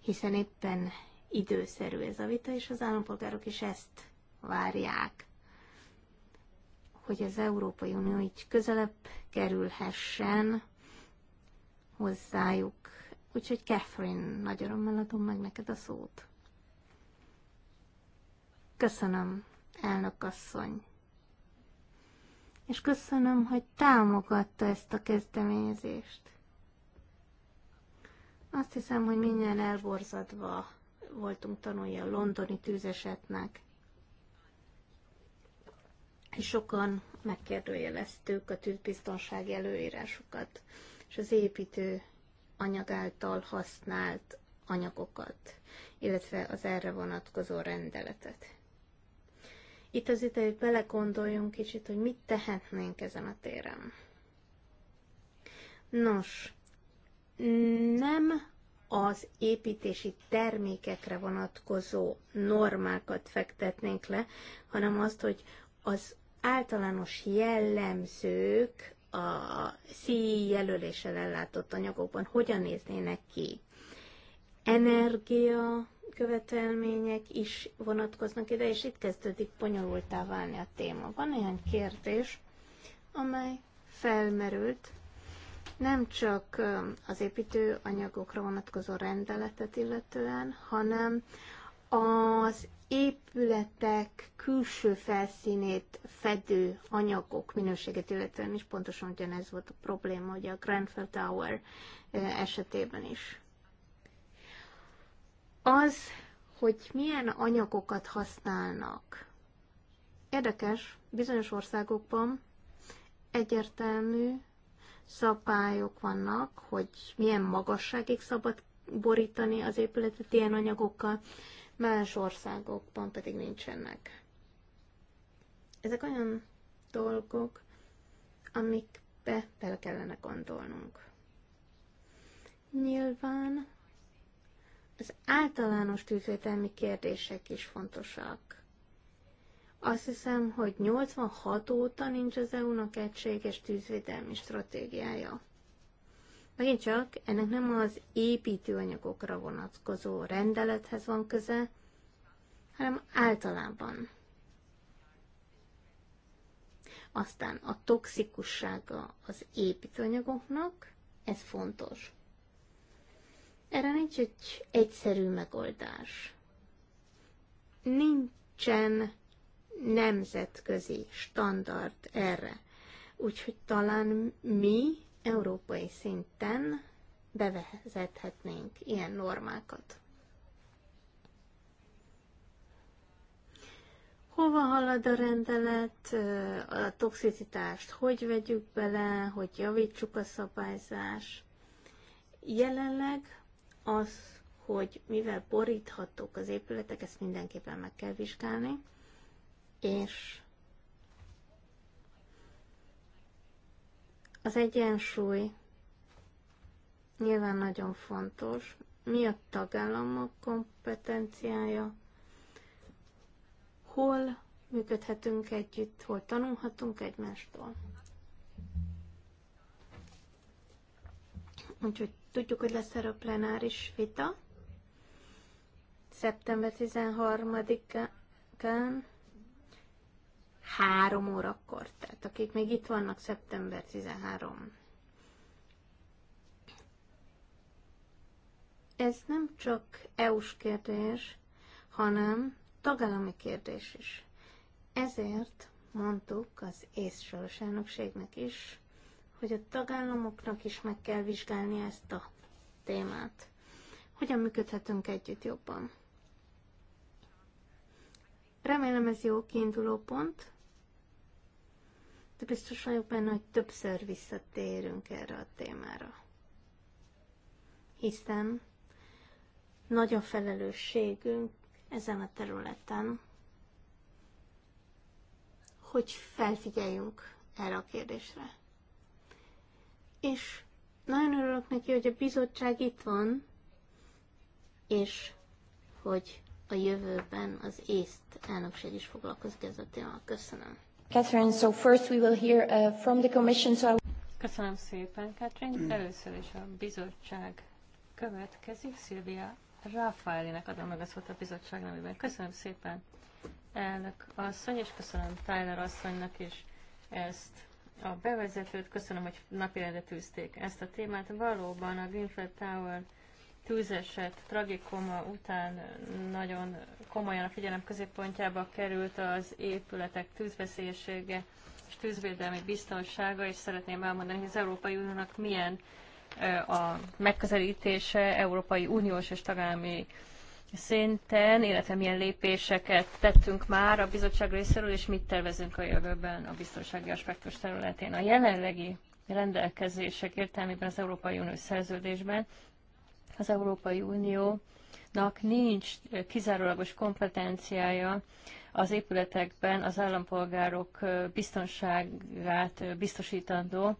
hiszen éppen időszerű ez a vita, és az állampolgárok is ezt várják, hogy az Európai Unió így közelebb kerülhessen hozzájuk. Úgyhogy Catherine, nagy örömmel adom meg neked a szót. Köszönöm, elnök asszony és köszönöm, hogy támogatta ezt a kezdeményezést. Azt hiszem, hogy mindjárt elborzadva voltunk tanulni a londoni tűzesetnek, és sokan megkérdőjeleztük a tűzbiztonsági előírásokat, és az építő anyag által használt anyagokat, illetve az erre vonatkozó rendeletet itt az ideje, hogy belegondoljunk kicsit, hogy mit tehetnénk ezen a téren. Nos, nem az építési termékekre vonatkozó normákat fektetnénk le, hanem azt, hogy az általános jellemzők a CI jelöléssel ellátott anyagokban hogyan néznének ki. Energia, követelmények is vonatkoznak ide, és itt kezdődik bonyolultá válni a téma. Van olyan kérdés, amely felmerült, nem csak az építőanyagokra vonatkozó rendeletet illetően, hanem az épületek külső felszínét fedő anyagok minőségét illetően is pontosan ugyanez volt a probléma, ugye a Grenfell Tower esetében is az, hogy milyen anyagokat használnak. Érdekes, bizonyos országokban egyértelmű szabályok vannak, hogy milyen magasságig szabad borítani az épületet ilyen anyagokkal, más országokban pedig nincsenek. Ezek olyan dolgok, amikbe bele kellene gondolnunk. Nyilván az általános tűzvételmi kérdések is fontosak. Azt hiszem, hogy 86 óta nincs az EU-nak egységes tűzvédelmi stratégiája. Megint csak ennek nem az építőanyagokra vonatkozó rendelethez van köze, hanem általában. Aztán a toxikussága az építőanyagoknak, ez fontos. Erre nincs egy egyszerű megoldás. Nincsen nemzetközi standard erre. Úgyhogy talán mi európai szinten bevezethetnénk ilyen normákat. Hova halad a rendelet, a toxicitást hogy vegyük bele, hogy javítsuk a szabályzás? Jelenleg az, hogy mivel boríthatók az épületek, ezt mindenképpen meg kell vizsgálni, és az egyensúly nyilván nagyon fontos. Mi a tagállamok kompetenciája? Hol működhetünk együtt, hol tanulhatunk egymástól? Úgyhogy tudjuk, hogy lesz erről plenáris vita. Szeptember 13-án 3 órakor, tehát akik még itt vannak, szeptember 13. Ez nem csak EU-s kérdés, hanem tagállami kérdés is. Ezért mondtuk az észsoros elnökségnek is, hogy a tagállamoknak is meg kell vizsgálni ezt a témát. Hogyan működhetünk együtt jobban? Remélem ez jó kiinduló pont, de biztos vagyok benne, hogy többször visszatérünk erre a témára. Hiszen nagy a felelősségünk ezen a területen, hogy felfigyeljünk erre a kérdésre. És nagyon örülök neki, hogy a bizottság itt van, és hogy a jövőben az észt elnökség is foglalkozik ezzel a témával. Köszönöm. Catherine, so first we will hear uh, from the commission, so Köszönöm szépen, Catherine. Mm. Először is a bizottság következik. Szilvia Rafaelinek adom meg a szót a bizottság nevében. Köszönöm szépen, elnök asszony, és köszönöm Tyler asszonynak is ezt a bevezetőt, köszönöm, hogy napirendre tűzték ezt a témát. Valóban a Greenfield Tower tűzeset tragikoma után nagyon komolyan a figyelem középpontjába került az épületek tűzveszélyessége és tűzvédelmi biztonsága, és szeretném elmondani, hogy az Európai Uniónak milyen a megközelítése Európai Uniós és tagállami szinten, illetve milyen lépéseket tettünk már a bizottság részéről, és mit tervezünk a jövőben a biztonsági aspektus területén. A jelenlegi rendelkezések értelmében az Európai Unió szerződésben az Európai Uniónak nincs kizárólagos kompetenciája az épületekben az állampolgárok biztonságát biztosítandó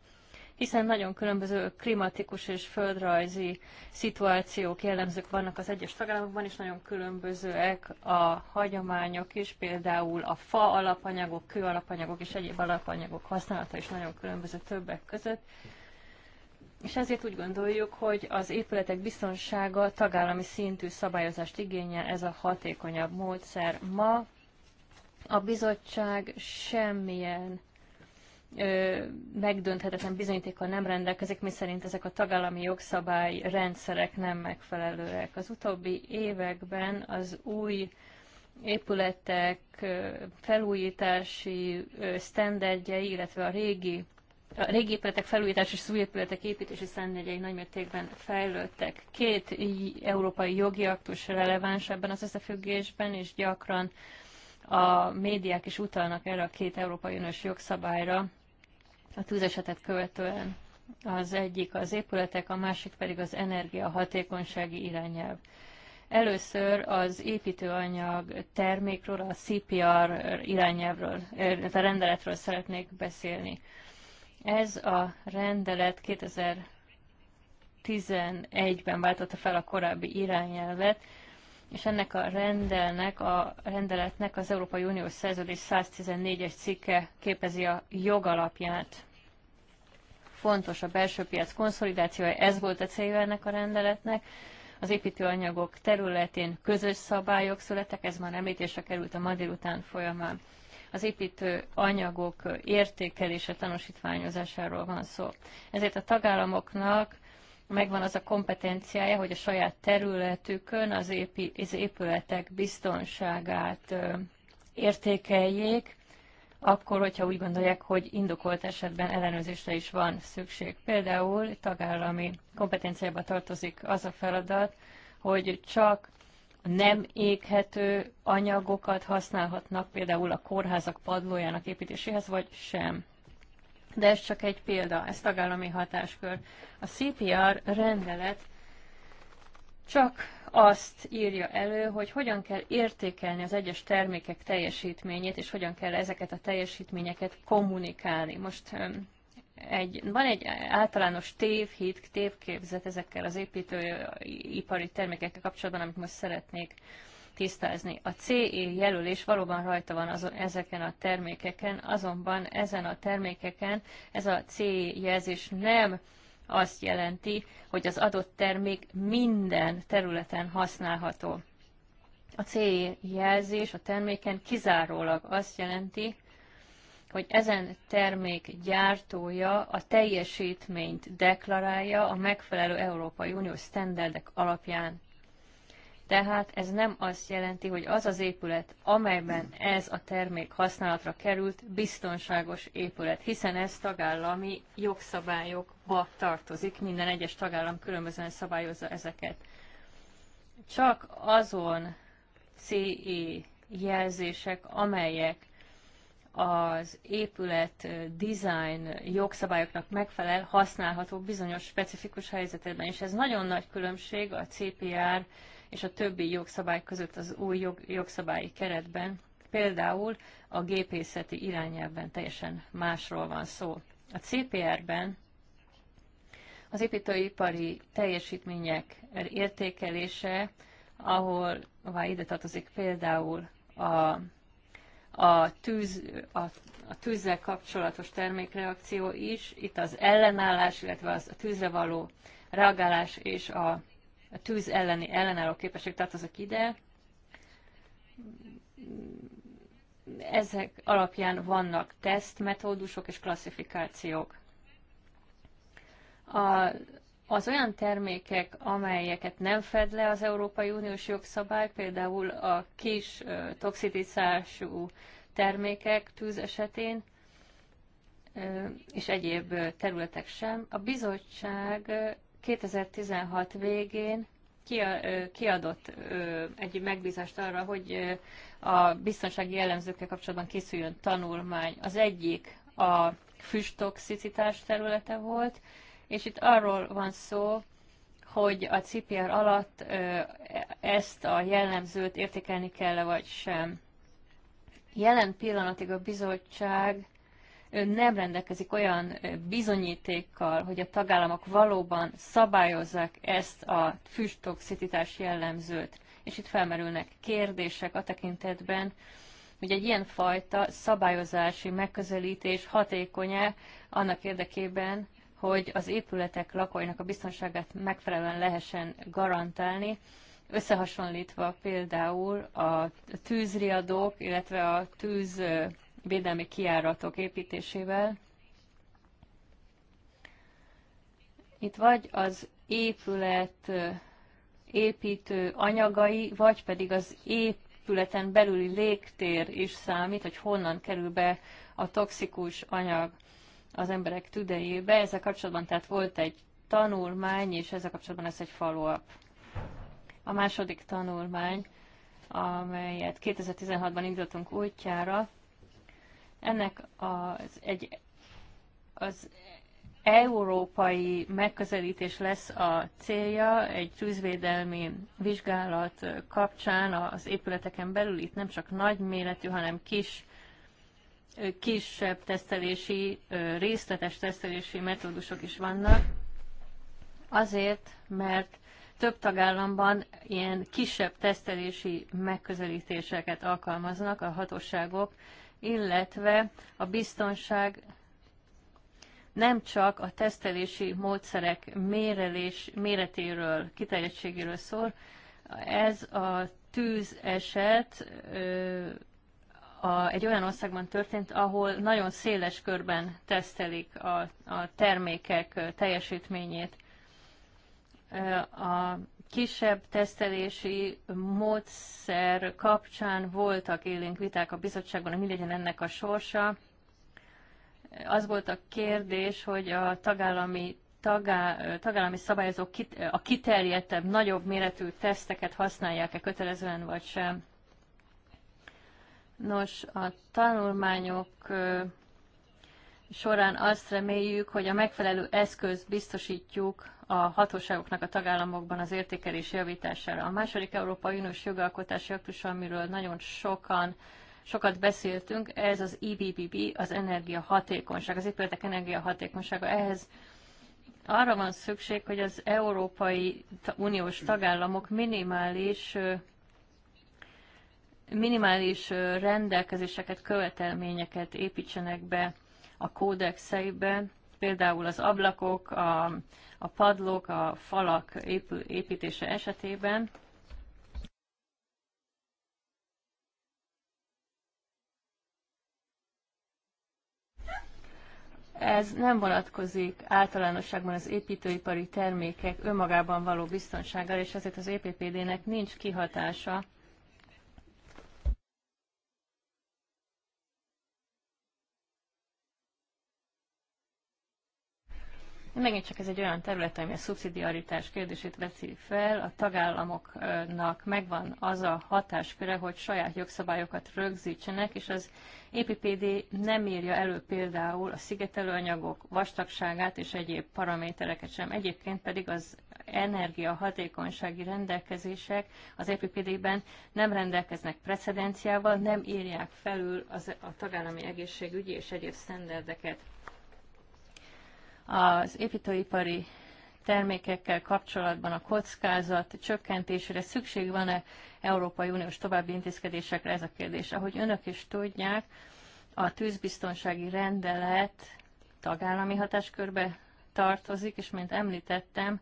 hiszen nagyon különböző klimatikus és földrajzi szituációk, jellemzők vannak az egyes tagállamokban, és nagyon különbözőek a hagyományok is, például a fa alapanyagok, kő alapanyagok és egyéb alapanyagok használata is nagyon különböző többek között. És ezért úgy gondoljuk, hogy az épületek biztonsága tagállami szintű szabályozást igényel, ez a hatékonyabb módszer. Ma a bizottság semmilyen megdönthetetlen bizonyítékkal nem rendelkezik, miszerint ezek a tagállami jogszabály rendszerek nem megfelelőek. Az utóbbi években az új épületek felújítási sztenderdjei, illetve a régi a régi épületek felújítás és új épületek építési sztenderdjei nagymértékben fejlődtek. Két európai jogi aktus releváns ebben az összefüggésben, és gyakran a médiák is utalnak erre a két Európai Uniós jogszabályra, a tűzesetet követően. Az egyik az épületek, a másik pedig az energiahatékonysági irányelv. Először az építőanyag termékről, a CPR irányelvről, a rendeletről szeretnék beszélni. Ez a rendelet 2011-ben váltotta fel a korábbi irányelvet, és ennek a rendelnek, a rendeletnek az Európai Uniós Szerződés 114-es cikke képezi a jogalapját. Fontos a belső piac konszolidációja, ez volt a célja ennek a rendeletnek. Az építőanyagok területén közös szabályok születtek, ez már említésre került a ma délután folyamán. Az építőanyagok értékelése tanúsítványozásáról van szó. Ezért a tagállamoknak megvan az a kompetenciája, hogy a saját területükön az, épi, az épületek biztonságát értékeljék, akkor, hogyha úgy gondolják, hogy indokolt esetben ellenőrzésre is van szükség. Például tagállami kompetenciába tartozik az a feladat, hogy csak nem éghető anyagokat használhatnak például a kórházak padlójának építéséhez, vagy sem. De ez csak egy példa, ez tagállami hatáskör. A CPR rendelet csak azt írja elő, hogy hogyan kell értékelni az egyes termékek teljesítményét, és hogyan kell ezeket a teljesítményeket kommunikálni. Most egy, van egy általános tévhit, tévképzet ezekkel az építőipari termékekkel kapcsolatban, amit most szeretnék tisztázni. A CE jelölés valóban rajta van azon, ezeken a termékeken, azonban ezen a termékeken ez a CE jelzés nem azt jelenti, hogy az adott termék minden területen használható. A CE jelzés a terméken kizárólag azt jelenti, hogy ezen termék gyártója a teljesítményt deklarálja a megfelelő Európai Unió sztenderdek alapján. Tehát ez nem azt jelenti, hogy az az épület, amelyben ez a termék használatra került, biztonságos épület, hiszen ez tagállami jogszabályokba tartozik, minden egyes tagállam különbözően szabályozza ezeket. Csak azon CE jelzések, amelyek az épület design jogszabályoknak megfelel, használható bizonyos specifikus helyzetekben. És ez nagyon nagy különbség a CPR és a többi jogszabály között az új jog, jogszabályi keretben, például a gépészeti irányelvben teljesen másról van szó. A CPR-ben az építőipari teljesítmények értékelése, ahol vagy ide tartozik például a, a, tűz, a, a tűzzel kapcsolatos termékreakció is, itt az ellenállás, illetve az a tűzre való reagálás és a a tűz elleni ellenálló képesség tartozik ide. Ezek alapján vannak tesztmetódusok és klasszifikációk. A, az olyan termékek, amelyeket nem fed le az Európai Uniós jogszabály, például a kis toxicitású termékek tűz esetén, és egyéb területek sem, a bizottság 2016 végén kiadott egy megbízást arra, hogy a biztonsági jellemzőkkel kapcsolatban készüljön tanulmány. Az egyik a füstoxicitás területe volt, és itt arról van szó, hogy a CPR alatt ezt a jellemzőt értékelni kell -e vagy sem. Jelen pillanatig a bizottság nem rendelkezik olyan bizonyítékkal, hogy a tagállamok valóban szabályozzák ezt a füstoxiditás jellemzőt. És itt felmerülnek kérdések a tekintetben, hogy egy ilyen fajta szabályozási megközelítés hatékony-e annak érdekében, hogy az épületek lakóinak a biztonságát megfelelően lehessen garantálni, összehasonlítva például a tűzriadók, illetve a tűz védelmi kiáratok építésével. Itt vagy az épület építő anyagai, vagy pedig az épületen belüli légtér is számít, hogy honnan kerül be a toxikus anyag az emberek tüdejébe. Ezzel kapcsolatban tehát volt egy tanulmány, és ezzel kapcsolatban ez egy follow-up. A második tanulmány, amelyet 2016-ban indultunk útjára, ennek az, egy, az európai megközelítés lesz a célja egy tűzvédelmi vizsgálat kapcsán az épületeken belül. Itt nem csak nagy méretű, hanem kis kisebb tesztelési, részletes tesztelési metódusok is vannak, azért, mert több tagállamban ilyen kisebb tesztelési megközelítéseket alkalmaznak a hatóságok illetve a biztonság nem csak a tesztelési módszerek mérelés, méretéről, kiterjedtségéről szól, ez a tűz eset ö, a, egy olyan országban történt, ahol nagyon széles körben tesztelik a, a termékek teljesítményét. A kisebb tesztelési módszer kapcsán voltak élénk viták a bizottságban, hogy mi legyen ennek a sorsa. Az volt a kérdés, hogy a tagállami tagá, tagállami szabályozók a kiterjedtebb, nagyobb méretű teszteket használják-e kötelezően vagy sem. Nos, a tanulmányok során azt reméljük, hogy a megfelelő eszköz biztosítjuk a hatóságoknak a tagállamokban az értékelés javítására. A második Európai Uniós jogalkotási aktus, amiről nagyon sokan sokat beszéltünk, ez az EBBB, az energiahatékonyság, az épületek energiahatékonysága. Ehhez arra van szükség, hogy az Európai Uniós tagállamok minimális minimális rendelkezéseket, követelményeket építsenek be a kódexeiben, például az ablakok, a, a padlók, a falak építése esetében. Ez nem vonatkozik általánosságban az építőipari termékek önmagában való biztonsággal, és ezért az EPPD-nek nincs kihatása Megint csak ez egy olyan terület, ami a szubszidiaritás kérdését veszi fel. A tagállamoknak megvan az a hatásköre, hogy saját jogszabályokat rögzítsenek, és az EPPD nem írja elő például a szigetelőanyagok vastagságát és egyéb paramétereket sem. Egyébként pedig az energiahatékonysági rendelkezések az EPPD-ben nem rendelkeznek precedenciával, nem írják felül az, a tagállami egészségügyi és egyéb sztenderdeket. Az építőipari termékekkel kapcsolatban a kockázat csökkentésére szükség van-e Európai Uniós további intézkedésekre? Ez a kérdés. Ahogy önök is tudják, a tűzbiztonsági rendelet tagállami hatáskörbe tartozik, és mint említettem,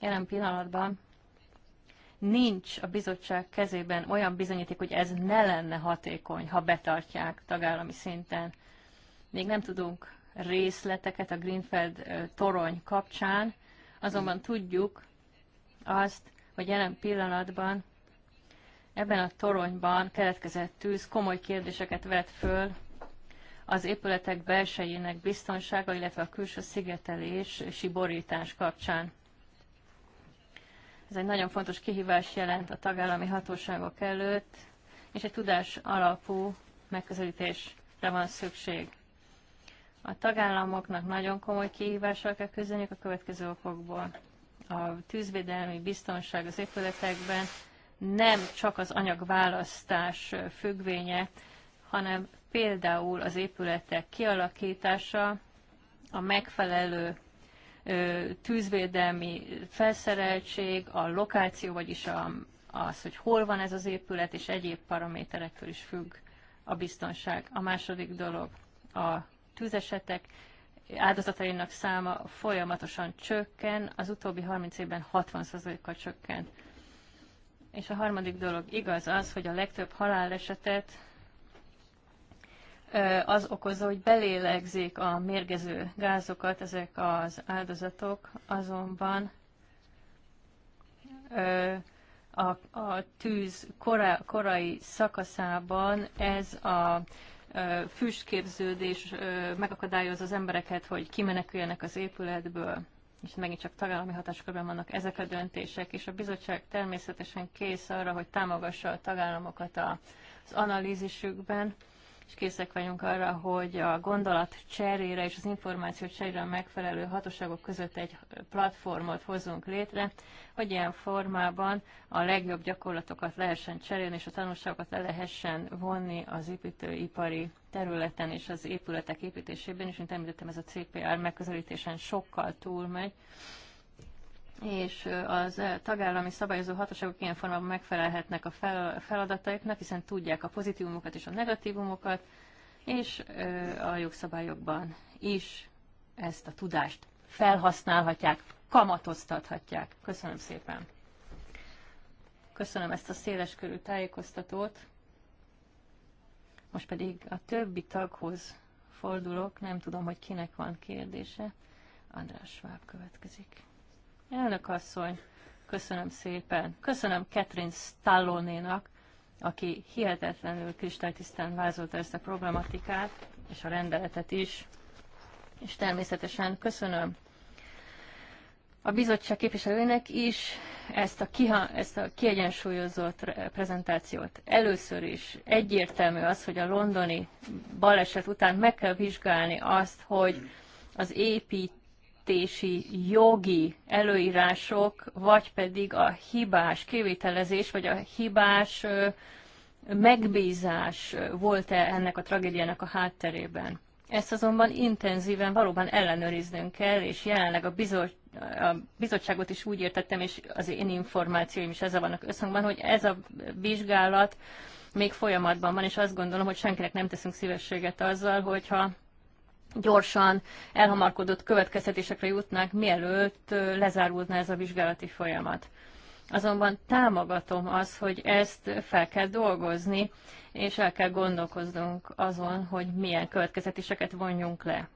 jelen pillanatban nincs a bizottság kezében olyan bizonyíték, hogy ez ne lenne hatékony, ha betartják tagállami szinten. Még nem tudunk részleteket a Greenfeld torony kapcsán, azonban tudjuk azt, hogy jelen pillanatban ebben a toronyban keletkezett tűz komoly kérdéseket vet föl az épületek belsejének biztonsága, illetve a külső szigetelési borítás kapcsán. Ez egy nagyon fontos kihívás jelent a tagállami hatóságok előtt, és egy tudás alapú megközelítésre van szükség. A tagállamoknak nagyon komoly kihívással kell küzdeniük a következő okokból. A tűzvédelmi biztonság az épületekben nem csak az anyagválasztás függvénye, hanem például az épületek kialakítása, a megfelelő tűzvédelmi felszereltség, a lokáció, vagyis a, az, hogy hol van ez az épület, és egyéb paraméterektől is függ a biztonság. A második dolog a tűzesetek áldozatainak száma folyamatosan csökken, az utóbbi 30 évben 60%-kal csökkent. És a harmadik dolog igaz az, hogy a legtöbb halálesetet az okozza, hogy belélegzik a mérgező gázokat ezek az áldozatok, azonban a, a tűz kora, korai szakaszában ez a füstképződés megakadályozza az embereket, hogy kimeneküljenek az épületből, és megint csak tagállami hatáskörben vannak ezek a döntések, és a bizottság természetesen kész arra, hogy támogassa a tagállamokat az analízisükben, és készek vagyunk arra, hogy a gondolat cserére és az információ cserére a megfelelő hatóságok között egy platformot hozunk létre, hogy ilyen formában a legjobb gyakorlatokat lehessen cserélni, és a tanulságokat le lehessen vonni az építőipari területen és az épületek építésében, és mint említettem, ez a CPR megközelítésen sokkal túlmegy, és az tagállami szabályozó hatóságok ilyen formában megfelelhetnek a feladataiknak, hiszen tudják a pozitívumokat és a negatívumokat, és a jogszabályokban is ezt a tudást felhasználhatják, kamatoztathatják. Köszönöm szépen! Köszönöm ezt a széles körű tájékoztatót. Most pedig a többi taghoz fordulok, nem tudom, hogy kinek van kérdése. András Schwab következik. Elnök asszony, köszönöm szépen. Köszönöm Catherine Stallonénak, aki hihetetlenül kristálytisztán vázolta ezt a problematikát, és a rendeletet is. És természetesen köszönöm a bizottság képviselőnek is ezt a, kiha, ezt a kiegyensúlyozott prezentációt. Először is egyértelmű az, hogy a londoni baleset után meg kell vizsgálni azt, hogy az épít fizetési jogi előírások, vagy pedig a hibás kivitelezés, vagy a hibás megbízás volt-e ennek a tragédiának a hátterében. Ezt azonban intenzíven valóban ellenőriznünk kell, és jelenleg a, bizot, a bizottságot is úgy értettem, és az én információim is ezzel vannak összhangban, hogy ez a vizsgálat még folyamatban van, és azt gondolom, hogy senkinek nem teszünk szívességet azzal, hogyha gyorsan elhamarkodott következtetésekre jutnánk, mielőtt lezárulna ez a vizsgálati folyamat. Azonban támogatom az, hogy ezt fel kell dolgozni, és el kell gondolkoznunk azon, hogy milyen következetéseket vonjunk le.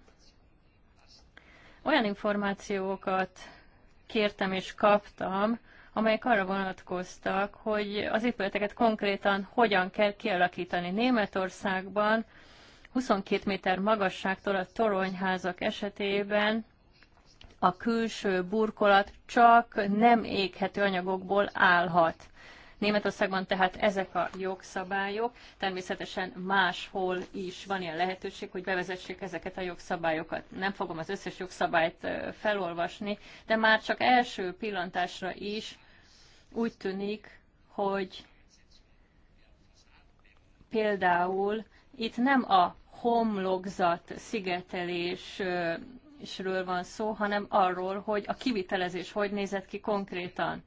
Olyan információkat kértem és kaptam, amelyek arra vonatkoztak, hogy az épületeket konkrétan hogyan kell kialakítani. Németországban 22 méter magasságtól a toronyházak esetében a külső burkolat csak nem éghető anyagokból állhat. Németországban tehát ezek a jogszabályok, természetesen máshol is van ilyen lehetőség, hogy bevezessék ezeket a jogszabályokat. Nem fogom az összes jogszabályt felolvasni, de már csak első pillantásra is úgy tűnik, hogy például itt nem a homlokzat szigetelésről van szó, hanem arról, hogy a kivitelezés hogy nézett ki konkrétan.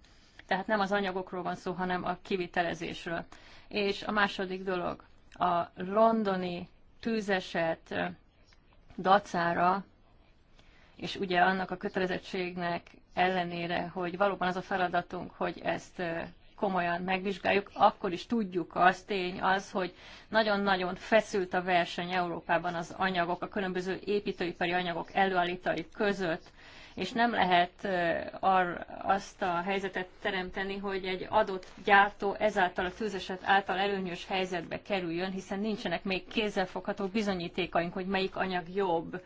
Tehát nem az anyagokról van szó, hanem a kivitelezésről. És a második dolog, a londoni tűzeset dacára, és ugye annak a kötelezettségnek ellenére, hogy valóban az a feladatunk, hogy ezt komolyan megvizsgáljuk, akkor is tudjuk az tény az, hogy nagyon-nagyon feszült a verseny Európában az anyagok, a különböző építőipari anyagok előállítai között, és nem lehet ar, azt a helyzetet teremteni, hogy egy adott gyártó ezáltal a tűzeset által előnyös helyzetbe kerüljön, hiszen nincsenek még kézzelfogható bizonyítékaink, hogy melyik anyag jobb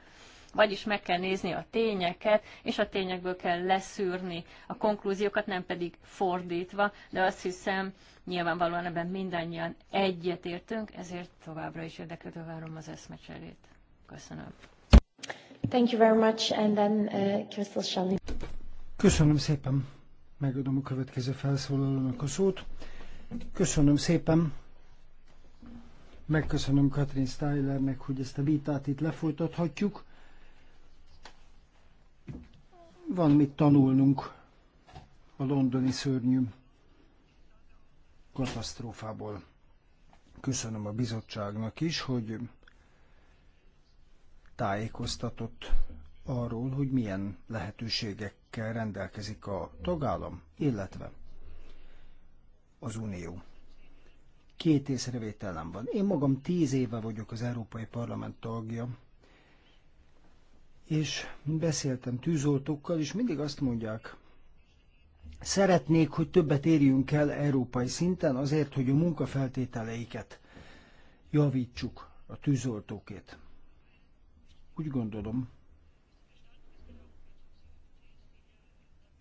vagyis meg kell nézni a tényeket, és a tényekből kell leszűrni a konklúziókat, nem pedig fordítva, de azt hiszem, nyilvánvalóan ebben mindannyian egyetértünk, ezért továbbra is érdeklődve várom az eszmecserét. Köszönöm. Thank you very much, and then uh, Crystal Shelley. Köszönöm szépen. Megadom a következő felszólalónak a szót. Köszönöm szépen. Megköszönöm Katrin Stylernek, hogy ezt a vitát itt lefolytathatjuk. van mit tanulnunk a londoni szörnyű katasztrófából. Köszönöm a bizottságnak is, hogy tájékoztatott arról, hogy milyen lehetőségekkel rendelkezik a tagállam, illetve az Unió. Két észrevételem van. Én magam tíz éve vagyok az Európai Parlament tagja, és beszéltem tűzoltókkal, és mindig azt mondják, szeretnék, hogy többet érjünk el európai szinten azért, hogy a munkafeltételeiket javítsuk a tűzoltókét. Úgy gondolom,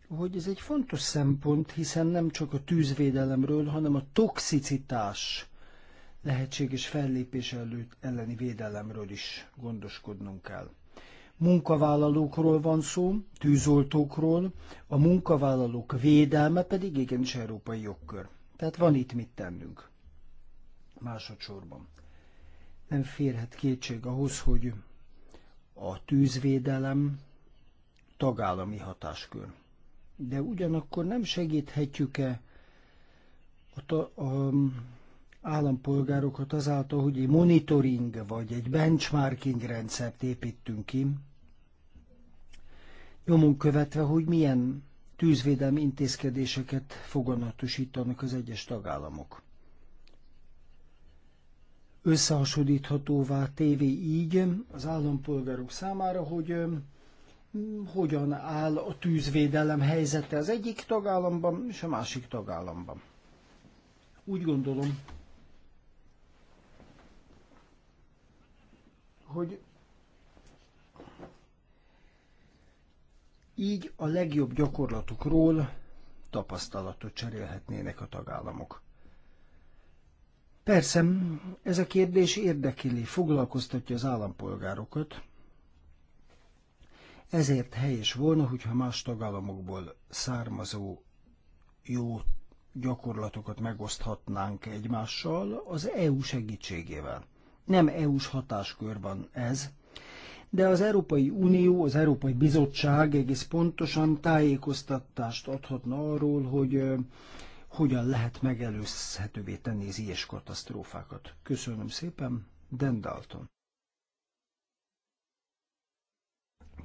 hogy ez egy fontos szempont, hiszen nem csak a tűzvédelemről, hanem a toxicitás lehetséges fellépés előtt elleni védelemről is gondoskodnunk kell munkavállalókról van szó, tűzoltókról, a munkavállalók védelme pedig igenis európai jogkör. Tehát van itt mit tennünk. Másodszorban. Nem férhet kétség ahhoz, hogy a tűzvédelem tagállami hatáskör. De ugyanakkor nem segíthetjük-e a, a um, állampolgárokat azáltal, hogy egy monitoring vagy egy benchmarking rendszert építünk ki, nyomon követve, hogy milyen tűzvédelmi intézkedéseket foganatosítanak az egyes tagállamok. Összehasonlíthatóvá tévé így az állampolgárok számára, hogy um, hogyan áll a tűzvédelem helyzete az egyik tagállamban és a másik tagállamban. Úgy gondolom, hogy Így a legjobb gyakorlatokról tapasztalatot cserélhetnének a tagállamok. Persze, ez a kérdés érdekli, foglalkoztatja az állampolgárokat, ezért helyes volna, hogyha más tagállamokból származó jó gyakorlatokat megoszthatnánk egymással az EU segítségével. Nem EU-s hatáskör van ez, de az Európai Unió, az Európai Bizottság egész pontosan tájékoztatást adhatna arról, hogy hogyan lehet megelőzhetővé tenni az ilyes katasztrófákat. Köszönöm szépen, Dan Dalton.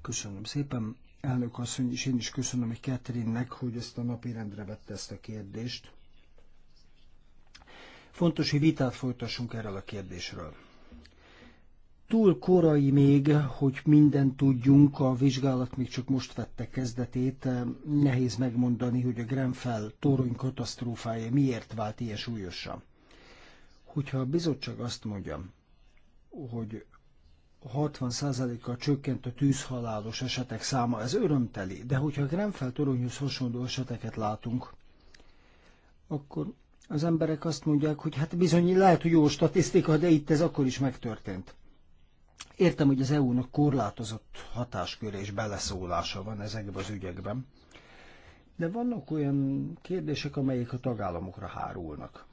Köszönöm szépen, elnök asszony, és én is köszönöm hogy Katerinnek, hogy ezt a napi rendre vette ezt a kérdést. Fontos, hogy vitát folytassunk erről a kérdésről túl korai még, hogy mindent tudjunk, a vizsgálat még csak most vette kezdetét. Nehéz megmondani, hogy a Grenfell torony katasztrófája miért vált ilyen súlyosan. Hogyha a bizottság azt mondja, hogy 60%-kal csökkent a tűzhalálos esetek száma, ez örömteli, de hogyha a Grenfell toronyhoz hasonló eseteket látunk, akkor az emberek azt mondják, hogy hát bizony lehet, hogy jó statisztika, de itt ez akkor is megtörtént. Értem, hogy az EU-nak korlátozott hatáskör és beleszólása van ezekben az ügyekben, de vannak olyan kérdések, amelyek a tagállamokra hárulnak.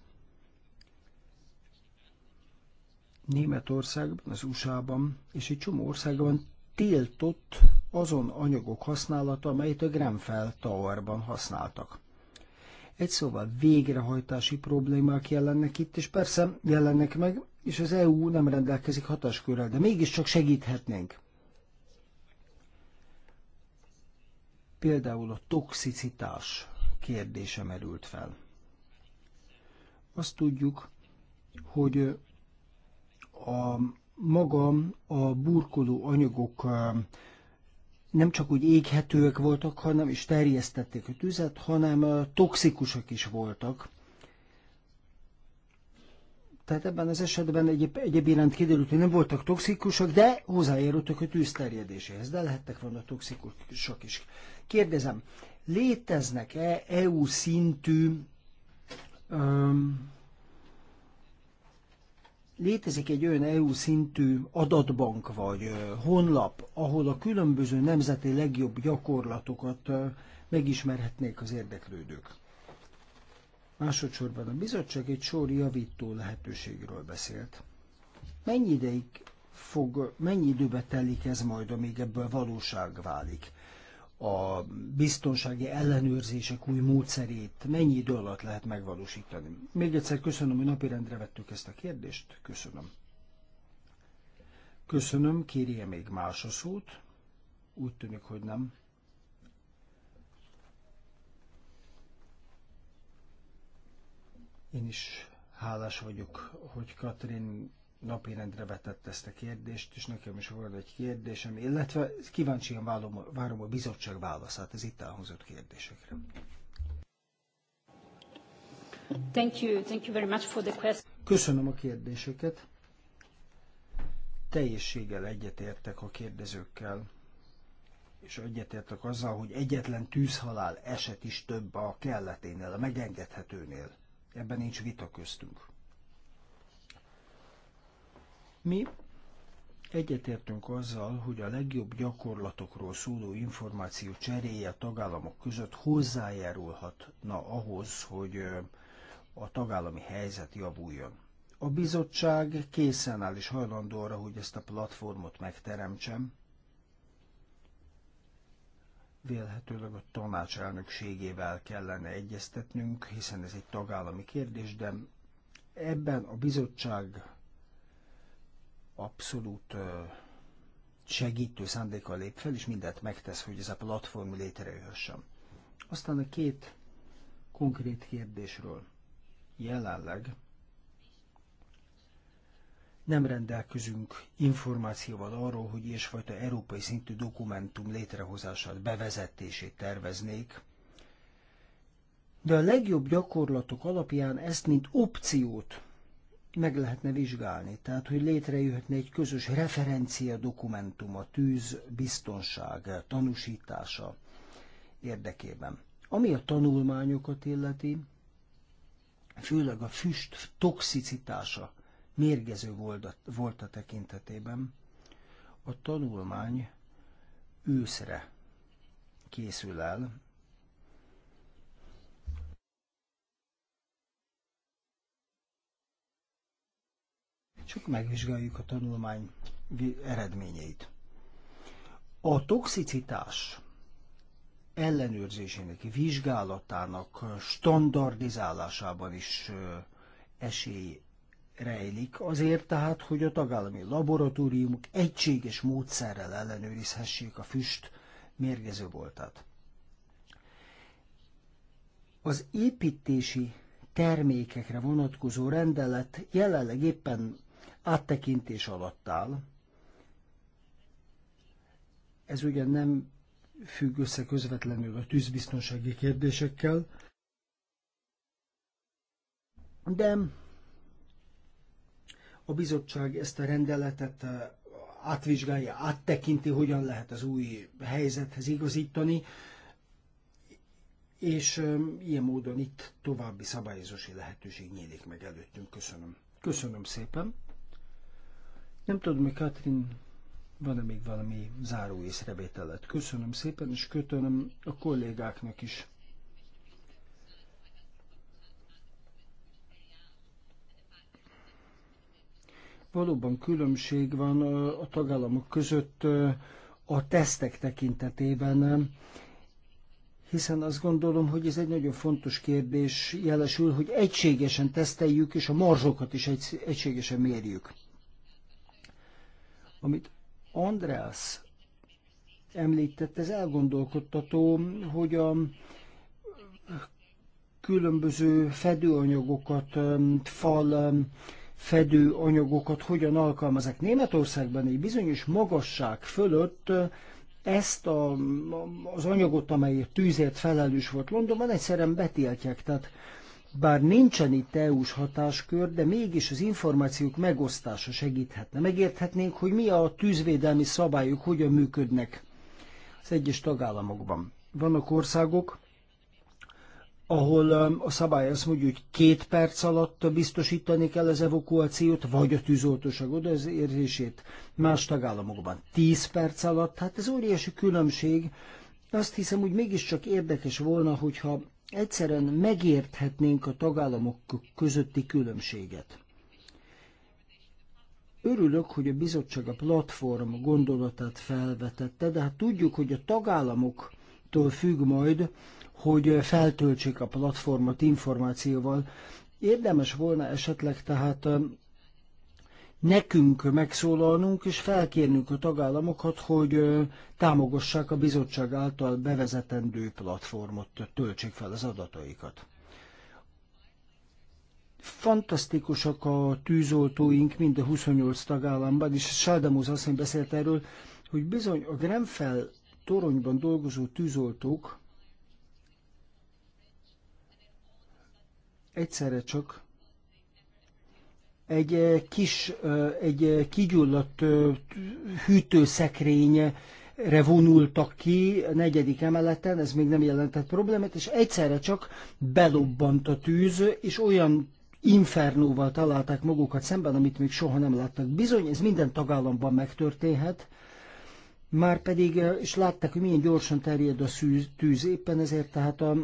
Németországban, az USA-ban és egy csomó országban tiltott azon anyagok használata, amelyet a Grenfell Towerban használtak. Egy szóval végrehajtási problémák jelennek itt, és persze jelennek meg, és az EU nem rendelkezik hatáskörrel, de mégiscsak segíthetnénk. Például a toxicitás kérdése merült fel. Azt tudjuk, hogy a maga a burkoló anyagok nem csak úgy éghetőek voltak, hanem is terjesztették a tüzet, hanem toxikusak is voltak. Tehát ebben az esetben egyéb, egyéb iránt kiderült, hogy nem voltak toxikusak, de hozzájárultak a tűzterjedéséhez, de lehettek volna toxikusak is. Kérdezem, léteznek-e EU szintű um, létezik egy olyan EU szintű adatbank vagy honlap, ahol a különböző nemzeti legjobb gyakorlatokat megismerhetnék az érdeklődők. Másodszorban a bizottság egy sor javító lehetőségről beszélt. Mennyi ideig fog, mennyi időbe telik ez majd, amíg ebből valóság válik? A biztonsági ellenőrzések új módszerét mennyi idő alatt lehet megvalósítani? Még egyszer köszönöm, hogy napirendre vettük ezt a kérdést. Köszönöm. Köszönöm, kérje még más a szót. Úgy tűnik, hogy nem. Én is hálás vagyok, hogy Katrin napirendre vetett ezt a kérdést, és nekem is volt egy kérdésem, illetve kíváncsian várom, várom a bizottság válaszát az itt elhozott kérdésekre. Thank you. Thank you very much for the question. Köszönöm a kérdéseket. Teljességgel egyetértek a kérdezőkkel, és egyetértek azzal, hogy egyetlen tűzhalál eset is több a kelleténél, a megengedhetőnél. Ebben nincs vita köztünk. Mi egyetértünk azzal, hogy a legjobb gyakorlatokról szóló információ cseréje a tagállamok között hozzájárulhatna ahhoz, hogy a tagállami helyzet javuljon. A bizottság készen áll és hajlandó arra, hogy ezt a platformot megteremtsem, vélhetőleg a tanács elnökségével kellene egyeztetnünk, hiszen ez egy tagállami kérdés, de ebben a bizottság abszolút segítő szándéka lép fel, és mindent megtesz, hogy ez a platform létrejöhessen. Aztán a két konkrét kérdésről. Jelenleg nem rendelkezünk információval arról, hogy ilyesfajta európai szintű dokumentum létrehozását, bevezetését terveznék. De a legjobb gyakorlatok alapján ezt, mint opciót meg lehetne vizsgálni, tehát hogy létrejöhetne egy közös referencia dokumentum a tűz biztonság tanúsítása érdekében. Ami a tanulmányokat illeti, főleg a füst toxicitása mérgező volt a, volt a tekintetében. A tanulmány őszre készül el, csak megvizsgáljuk a tanulmány eredményeit. A toxicitás ellenőrzésének, vizsgálatának standardizálásában is esély rejlik, azért tehát, hogy a tagállami laboratóriumok egységes módszerrel ellenőrizhessék a füst mérgező voltát. Az építési termékekre vonatkozó rendelet jelenleg éppen áttekintés alatt áll. Ez ugyan nem függ össze közvetlenül a tűzbiztonsági kérdésekkel, de a bizottság ezt a rendeletet eh, átvizsgálja, áttekinti, hogyan lehet az új helyzethez igazítani, és eh, ilyen módon itt további szabályozási lehetőség nyílik meg előttünk. Köszönöm. Köszönöm szépen. Nem tudom, hogy Katrin van-e még valami záró észrevételet. Köszönöm szépen, és kötönöm a kollégáknak is valóban különbség van a tagállamok között a tesztek tekintetében, hiszen azt gondolom, hogy ez egy nagyon fontos kérdés jelesül, hogy egységesen teszteljük, és a marzsokat is egységesen mérjük. Amit András említett, ez elgondolkodtató, hogy a különböző fedőanyagokat, fal fedő anyagokat hogyan alkalmazák. Németországban egy bizonyos magasság fölött ezt a, az anyagot, amelyet tűzért felelős volt Londonban, egyszerűen betiltják. Tehát bár nincsen itt EU-s hatáskör, de mégis az információk megosztása segíthetne. Megérthetnénk, hogy mi a tűzvédelmi szabályok, hogyan működnek az egyes tagállamokban. Vannak országok, ahol um, a szabály azt mondja, hogy két perc alatt biztosítani kell az evakuációt, vagy a tűzoltóság odaérzését, más tagállamokban tíz perc alatt. Hát ez óriási különbség. Azt hiszem, hogy mégiscsak érdekes volna, hogyha egyszerűen megérthetnénk a tagállamok közötti különbséget. Örülök, hogy a bizottság a platform gondolatát felvetette, de hát tudjuk, hogy a tagállamoktól függ majd, hogy feltöltsék a platformot információval. Érdemes volna esetleg tehát nekünk megszólalnunk és felkérnünk a tagállamokat, hogy támogassák a bizottság által bevezetendő platformot, töltsék fel az adataikat. Fantasztikusak a tűzoltóink mind a 28 tagállamban, és Sádamúz azt beszélt erről, hogy bizony a Grenfell toronyban dolgozó tűzoltók egyszerre csak egy eh, kis, eh, egy eh, kigyulladt hűtőszekrényre vonultak ki a negyedik emeleten, ez még nem jelentett problémát, és egyszerre csak belobbant a tűz, és olyan infernóval találták magukat szemben, amit még soha nem láttak. Bizony, ez minden tagállamban megtörténhet, már pedig, és látták, hogy milyen gyorsan terjed a szűz, tűz éppen, ezért tehát a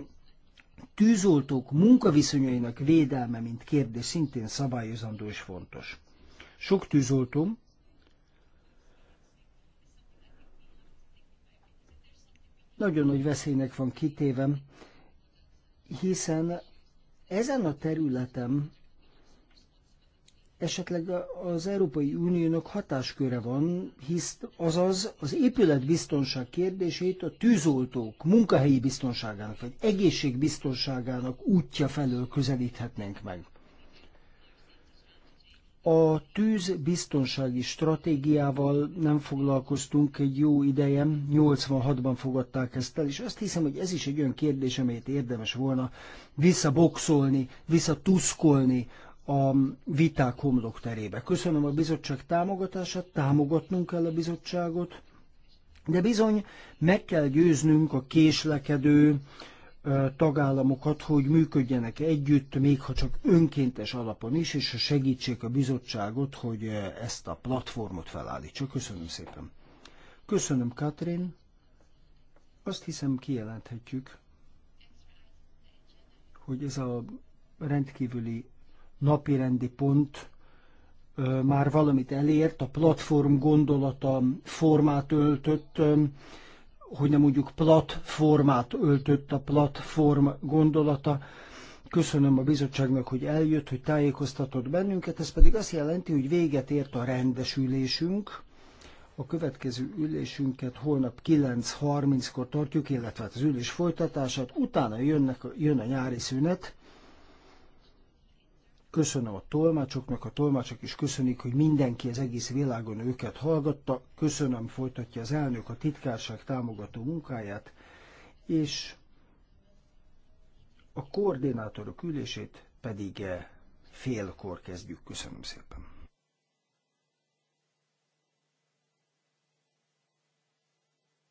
tűzoltók munkaviszonyainak védelme, mint kérdés szintén szabályozandó és fontos. Sok tűzoltóm nagyon nagy veszélynek van kitéve, hiszen ezen a területen esetleg az Európai Uniónak hatásköre van, hisz azaz az épületbiztonság kérdését a tűzoltók munkahelyi biztonságának vagy egészségbiztonságának útja felől közelíthetnénk meg. A tűzbiztonsági stratégiával nem foglalkoztunk egy jó ideje, 86-ban fogadták ezt el, és azt hiszem, hogy ez is egy olyan kérdés, amelyet érdemes volna visszaboxolni, visszatuszkolni a viták homlok terébe. Köszönöm a bizottság támogatását, támogatnunk kell a bizottságot, de bizony meg kell győznünk a késlekedő tagállamokat, hogy működjenek együtt, még ha csak önkéntes alapon is, és segítsék a bizottságot, hogy ezt a platformot felállítsa. Köszönöm szépen. Köszönöm, Katrin. Azt hiszem, kijelenthetjük, hogy ez a rendkívüli napirendi pont már valamit elért, a platform gondolata formát öltött, hogy nem mondjuk platformát öltött a platform gondolata. Köszönöm a bizottságnak, hogy eljött, hogy tájékoztatott bennünket, ez pedig azt jelenti, hogy véget ért a rendesülésünk. A következő ülésünket holnap 9.30-kor tartjuk, illetve hát az ülés folytatását, utána jönnek, jön a nyári szünet, Köszönöm a tolmácsoknak, a tolmácsok is köszönik, hogy mindenki az egész világon őket hallgatta. Köszönöm, folytatja az elnök a titkárság támogató munkáját, és a koordinátorok ülését pedig eh, félkor kezdjük. Köszönöm szépen.